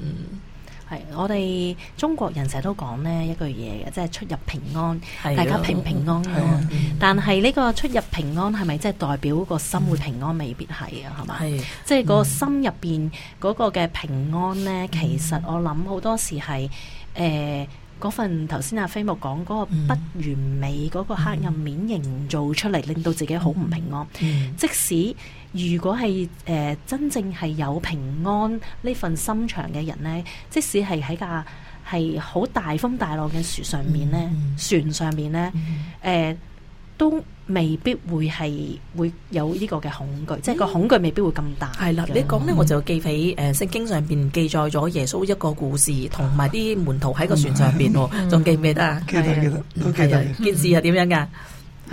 係，我哋中國人成日都講呢一句嘢嘅，即係出入平安，的大家平平安安。嗯、但係呢個出入平安係咪即係代表個生活平安？未必係啊，係嘛、嗯？的即係個心入邊嗰個嘅平安呢，嗯、其實我諗好多時係誒。呃嗰份頭先阿飛牧講嗰個不完美嗰個黑暗面營造出嚟，嗯、令到自己好唔平安。嗯、即使如果係誒、呃、真正係有平安呢份心腸嘅人呢，即使係喺架係好大風大浪嘅、嗯嗯、船上面呢，船上面呢。誒、嗯。呃都未必會係會有呢個嘅恐懼，即係個恐懼未必會咁大。係啦，你講咧我就記起誒聖經上邊記載咗耶穌一個故事，同埋啲門徒喺個船上邊，仲記唔記得啊？記得記得，係啦，件事係點樣噶？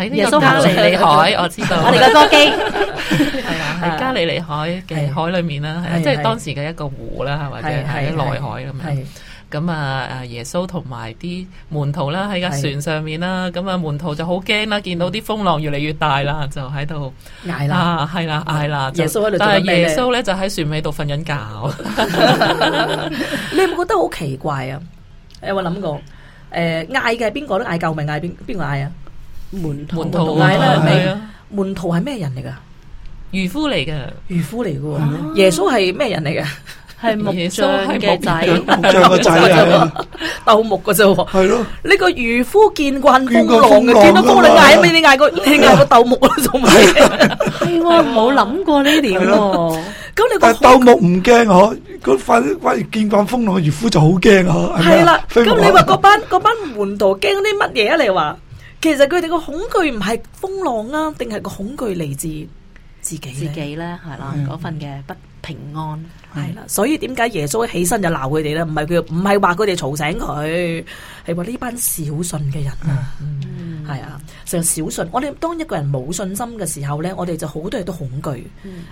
喺耶穌行加利利海，我知道我哋嘅多基係啊，喺加利利海嘅海裏面啦，係啊，即係當時嘅一個湖啦，或者喺內海咁樣。咁啊！啊耶穌同埋啲門徒啦，喺架船上面啦，咁啊門徒就好驚啦，見到啲風浪越嚟越大啦，就喺度嗌啦，係啦，嗌啦！耶穌喺度做緊咩？但係耶穌咧就喺船尾度瞓緊覺。你有冇覺得好奇怪啊？有冇諗過？誒，嗌嘅係邊個咧？嗌救命，嗌邊邊個嗌啊？門門徒嗌啦，係啊！門徒係咩人嚟噶？漁夫嚟嘅，漁夫嚟嘅。耶穌係咩人嚟嘅？係木匠嘅仔，木匠嘅仔啊，鬥木嘅啫。係咯，呢個漁夫見慣風浪嘅，見到高力大，咪你嗌個你嗌個鬥木咯，仲係係喎，冇諗過呢點喎。咁你個鬥木唔驚嗬？佢哋反而見慣風浪，漁夫就好驚嗬。係啦，咁你話嗰班嗰班門徒驚啲乜嘢啊？你話其實佢哋個恐懼唔係風浪啊，定係個恐懼嚟自自己自己咧？係啦，嗰份嘅不平安。係啦，所以點解耶穌起身就鬧佢哋咧？唔係佢唔係話佢哋嘈醒佢，係話呢班小信嘅人啊，係、嗯、啊，成日小、嗯、信。我哋當一個人冇信心嘅時候咧，我哋就好多嘢,都恐懼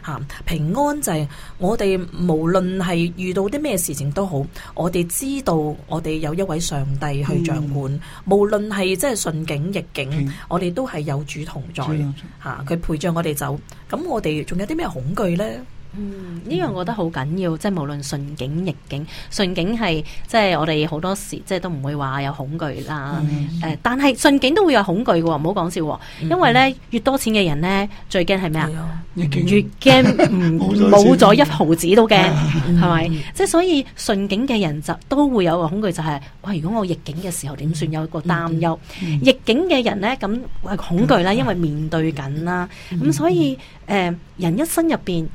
吓、啊。平安就係我哋無論係遇到啲咩事情都好，我哋知道我哋有一位上帝去掌管，嗯、無論係即係順境逆境，嗯、我哋都係有主同在吓，佢、啊、陪着我哋走。咁我哋仲有啲咩恐懼咧？嗯，呢樣我覺得好緊要，即係無論順境逆境。順境係即係我哋好多時，即係都唔會話有恐懼啦。誒，但係順境都會有恐懼嘅，唔好講笑。因為咧，越多錢嘅人咧，最驚係咩啊？逆境越驚冇咗一毫子都驚，係咪？即係所以順境嘅人就都會有個恐懼，就係哇！如果我逆境嘅時候點算？有一個擔憂，逆境嘅人咧咁恐懼啦，因為面對緊啦。咁所以誒，人一生入邊。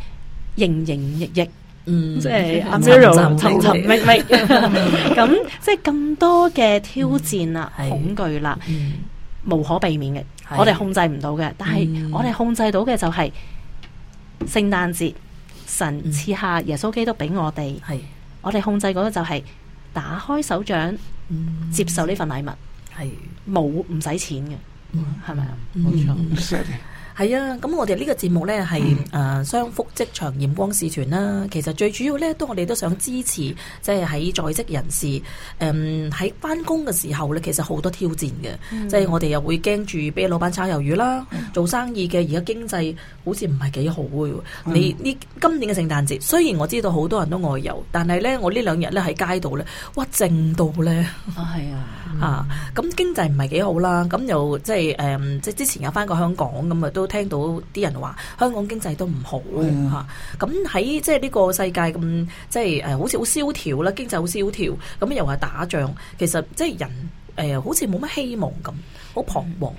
營營役役，嗯，即係暗暗沉沉，迷迷咁，即係咁多嘅挑戰啦，恐懼啦，無可避免嘅，我哋控制唔到嘅，但係我哋控制到嘅就係聖誕節，神賜下耶穌基督俾我哋，係我哋控制到嘅就係打開手掌，接受呢份禮物，係冇唔使錢嘅，係咪唔需係啊，咁我哋呢個節目呢係誒、呃、商福職場陽光事團啦。其實最主要呢，都我哋都想支持，即係喺在職人士，誒喺翻工嘅時候呢，其實好多挑戰嘅。即係、嗯、我哋又會驚住俾老闆炒魷魚啦。做生意嘅而家經濟好似唔係幾好嘅。你呢今年嘅聖誕節，雖然我知道好多人都外遊，但係呢，我兩呢兩日呢喺街度呢，哇，屈靜到呢，係啊，啊咁、嗯啊、經濟唔係幾好啦，咁又即係誒即之前有翻過香港咁啊都。聽到啲人話香港經濟都唔好、嗯、啊，咁喺即係呢個世界咁，即係誒，好似好蕭條啦，經濟好蕭條，咁又話打仗，其實即係、就是、人誒、呃，好似冇乜希望咁，好彷徨。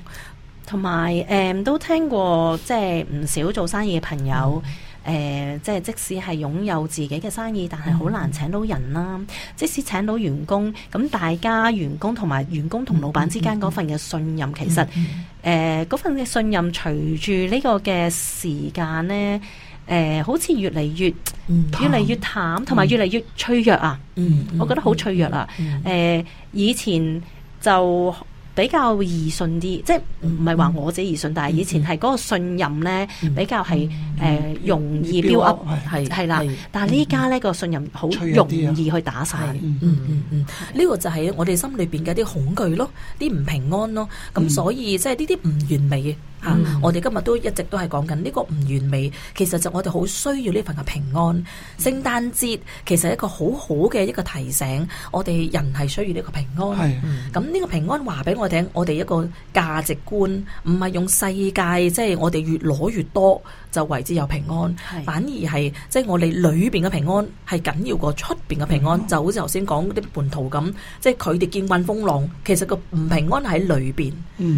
同埋誒，都聽過即係唔少做生意嘅朋友。嗯誒、呃，即係即使係擁有自己嘅生意，但係好難請到人啦。嗯、即使請到員工，咁大家員工同埋員工同老闆之間嗰份嘅信任，嗯嗯、其實誒嗰、嗯呃、份嘅信任，隨住呢個嘅時間呢，誒、呃、好似越嚟越、嗯、越嚟越淡，同埋、嗯、越嚟越脆弱啊、嗯！嗯，我覺得好脆弱啊。誒、嗯嗯嗯嗯嗯嗯，以前就。比較易信啲，即係唔係話我自己易信，嗯嗯，但係以前係嗰個信任咧、嗯嗯、比較係誒、嗯、容易 build up 係係啦，嗯、是是，但係呢家咧個信任好容易去打晒，嗯嗯嗯，呢個就係我哋心裏邊嘅啲恐懼咯，啲唔平安咯，咁所以即係呢啲唔完美嘅。 我哋今日都一直都係講緊呢個唔完美，其實就我哋好需要呢份嘅平安。聖誕節其實係一個好好嘅一個提醒，我哋人係需要呢個平安。咁呢個平安話俾我聽，我哋一個價值觀唔係用世界，即係我哋越攞越多。就為之有平安，反而係即係我哋裏邊嘅平安係緊要過出邊嘅平安，嗯、就好似頭先講啲叛徒咁，即係佢哋見慣風浪，其實個唔平安喺裏邊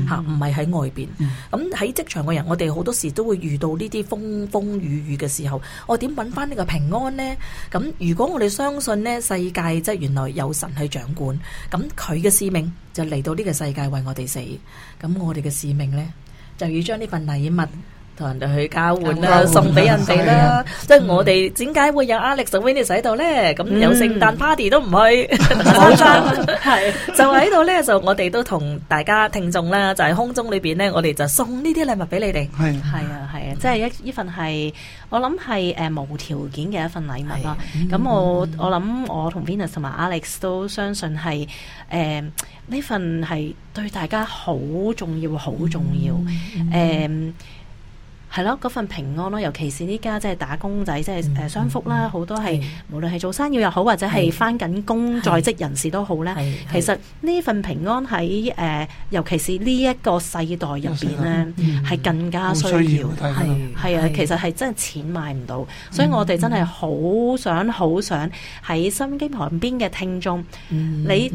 吓，唔係喺外邊。咁喺職場嘅人，我哋好多時都會遇到呢啲風風雨雨嘅時候，我點揾翻呢個平安呢？咁如果我哋相信呢世界，即係原來有神去掌管，咁佢嘅使命就嚟到呢個世界為我哋死，咁我哋嘅使命呢就要將呢份禮物、嗯。同人哋去交換啦，送俾人哋啦，即係我哋點解會有 Alex 同 Venus 喺度咧？咁有聖誕 party 都唔去，冇錯，係就喺度咧，就我哋都同大家聽眾咧，就喺空中裏邊咧，我哋就送呢啲禮物俾你哋，係，係啊，係啊，即係一呢份係，我諗係誒無條件嘅一份禮物咯。咁我我諗我同 Venus 同埋 Alex 都相信係誒呢份係對大家好重要，好重要，誒。係咯，嗰份平安咯，尤其是呢家即係打工仔，即係誒商福啦，好多係無論係做生意又好，或者係翻緊工在職人士都好咧。其實呢份平安喺誒，尤其是呢一個世代入邊咧，係更加需要。係係啊，其實係真係錢買唔到，所以我哋真係好想好想喺收音機旁邊嘅聽眾，你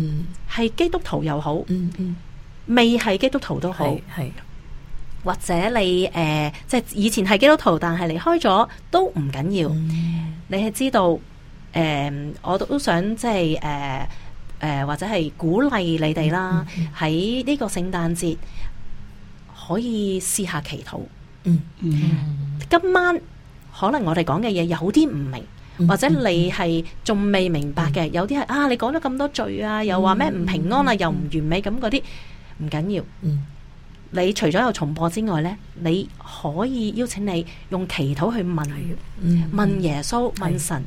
係基督徒又好，未係基督徒都好，係。或者你誒、呃，即係以前係基督徒，但係離開咗都唔緊要。嗯、你係知道誒、呃，我都想即係誒誒，或者係鼓勵你哋啦。喺呢個聖誕節可以試下祈禱。嗯，嗯嗯嗯，今晚可能我哋講嘅嘢有啲唔明，或者你係仲未明白嘅，嗯嗯、有啲係啊，你講咗咁多罪啊，又話咩唔平安啊，又唔完美咁嗰啲唔緊要。嗯。嗯嗯嗯你除咗有重播之外呢，你可以邀請你用祈禱去問，嗯嗯、問耶穌、問神，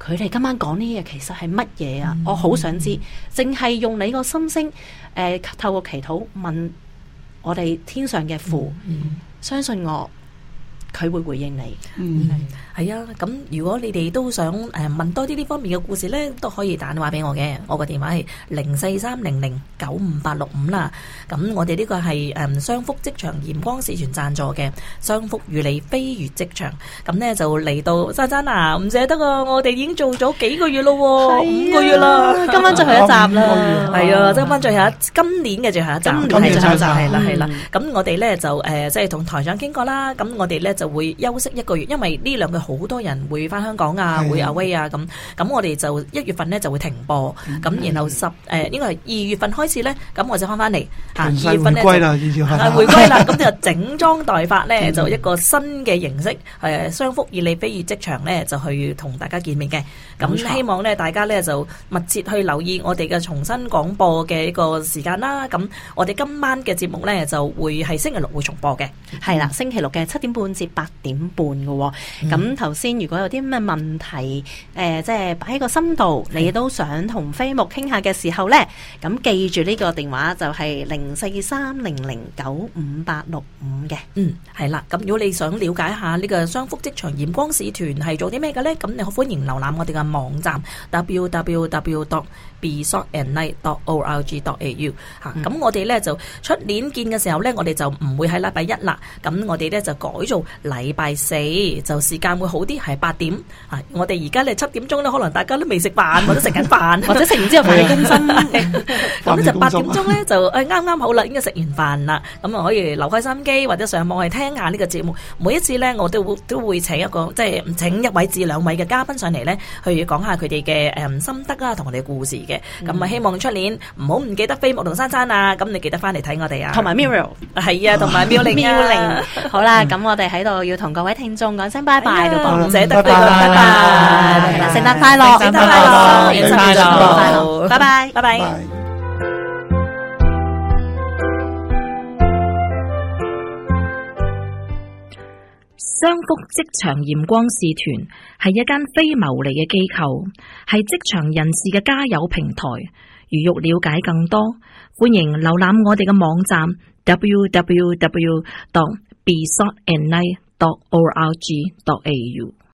佢哋的今晚講呢嘢其實係乜嘢啊？嗯、我好想知，淨係、嗯嗯、用你個心聲，誒、呃，透過祈禱問我哋天上嘅父，嗯嗯嗯、相信我。佢會回應你，嗯，係啊，咁如果你哋都想誒問多啲呢方面嘅故事咧，都可以打電話俾我嘅，我個電話係零四三零零九五八六五啦。咁我哋呢個係誒商福職場嚴光視傳贊助嘅商福與你飛越職場，咁呢就嚟到姍姍啊，唔捨得啊！我哋已經做咗幾個月咯，五個月啦，今晚最後一集啦，係啊，今晚最後一，今年嘅最後一集，咁就收曬，係啦係啦。咁、hmm. 啊、我哋咧就誒即係同台長傾過啦，咁我哋咧。就會休息一個月，因為呢兩個月好多人會翻香港啊，會阿威啊咁，咁我哋就一月份呢就會停播，咁然後十誒應該係二月份開始呢。咁我再開翻嚟，吓二月份咧就回歸啦，咁就整裝待發呢，就一個新嘅形式，係商福與你飛越職場呢，就去同大家見面嘅，咁希望呢，大家呢就密切去留意我哋嘅重新廣播嘅一個時間啦，咁我哋今晚嘅節目呢，就會係星期六會重播嘅，係啦，星期六嘅七點半節。八點半嘅，咁頭先如果有啲咩問題，誒即係擺喺個心度，你都想同飛牧傾下嘅時候呢，咁記住呢個電話就係零四三零零九五八六五嘅。嗯，係啦，咁如果你想了解下呢個雙福職場陽光使團係做啲咩嘅呢，咁你好歡迎瀏覽我哋嘅網站 www. b s o r t a n d n i g h t o r g a u 嚇，咁我哋咧就出年見嘅時候咧，我哋就唔會喺禮拜一啦，咁我哋咧就改做禮拜四，就時間會好啲，係八點嚇。我哋而家咧七點鐘啦，可能大家都未食飯，或者食緊飯， 或者食完之後翻工身。咁咧就八點鐘咧就誒啱啱好啦，應該食完飯啦，咁啊可以留開心機或者上網去聽下呢個節目。每一次咧我都會都會請一個即係、就是、請一位至兩位嘅嘉賓上嚟咧，去講下佢哋嘅誒心得啊同我哋嘅故事嘅。咁咪希望出年唔好唔記得飛牧同珊珊啊！咁你記得翻嚟睇我哋啊，同埋 Mirial，係啊，同埋妙玲。妙玲，好啦，咁我哋喺度要同各位聽眾講聲拜拜，唔捨得呢個拜拜，聖誕快樂，聖誕快樂，聖誕快樂，拜拜，拜拜。雙福職場鹽光事團係一間非牟利嘅機構，係職場人士嘅加油平台。如欲了解更多，歡迎瀏覽我哋嘅網站 www.saltandlight.org.au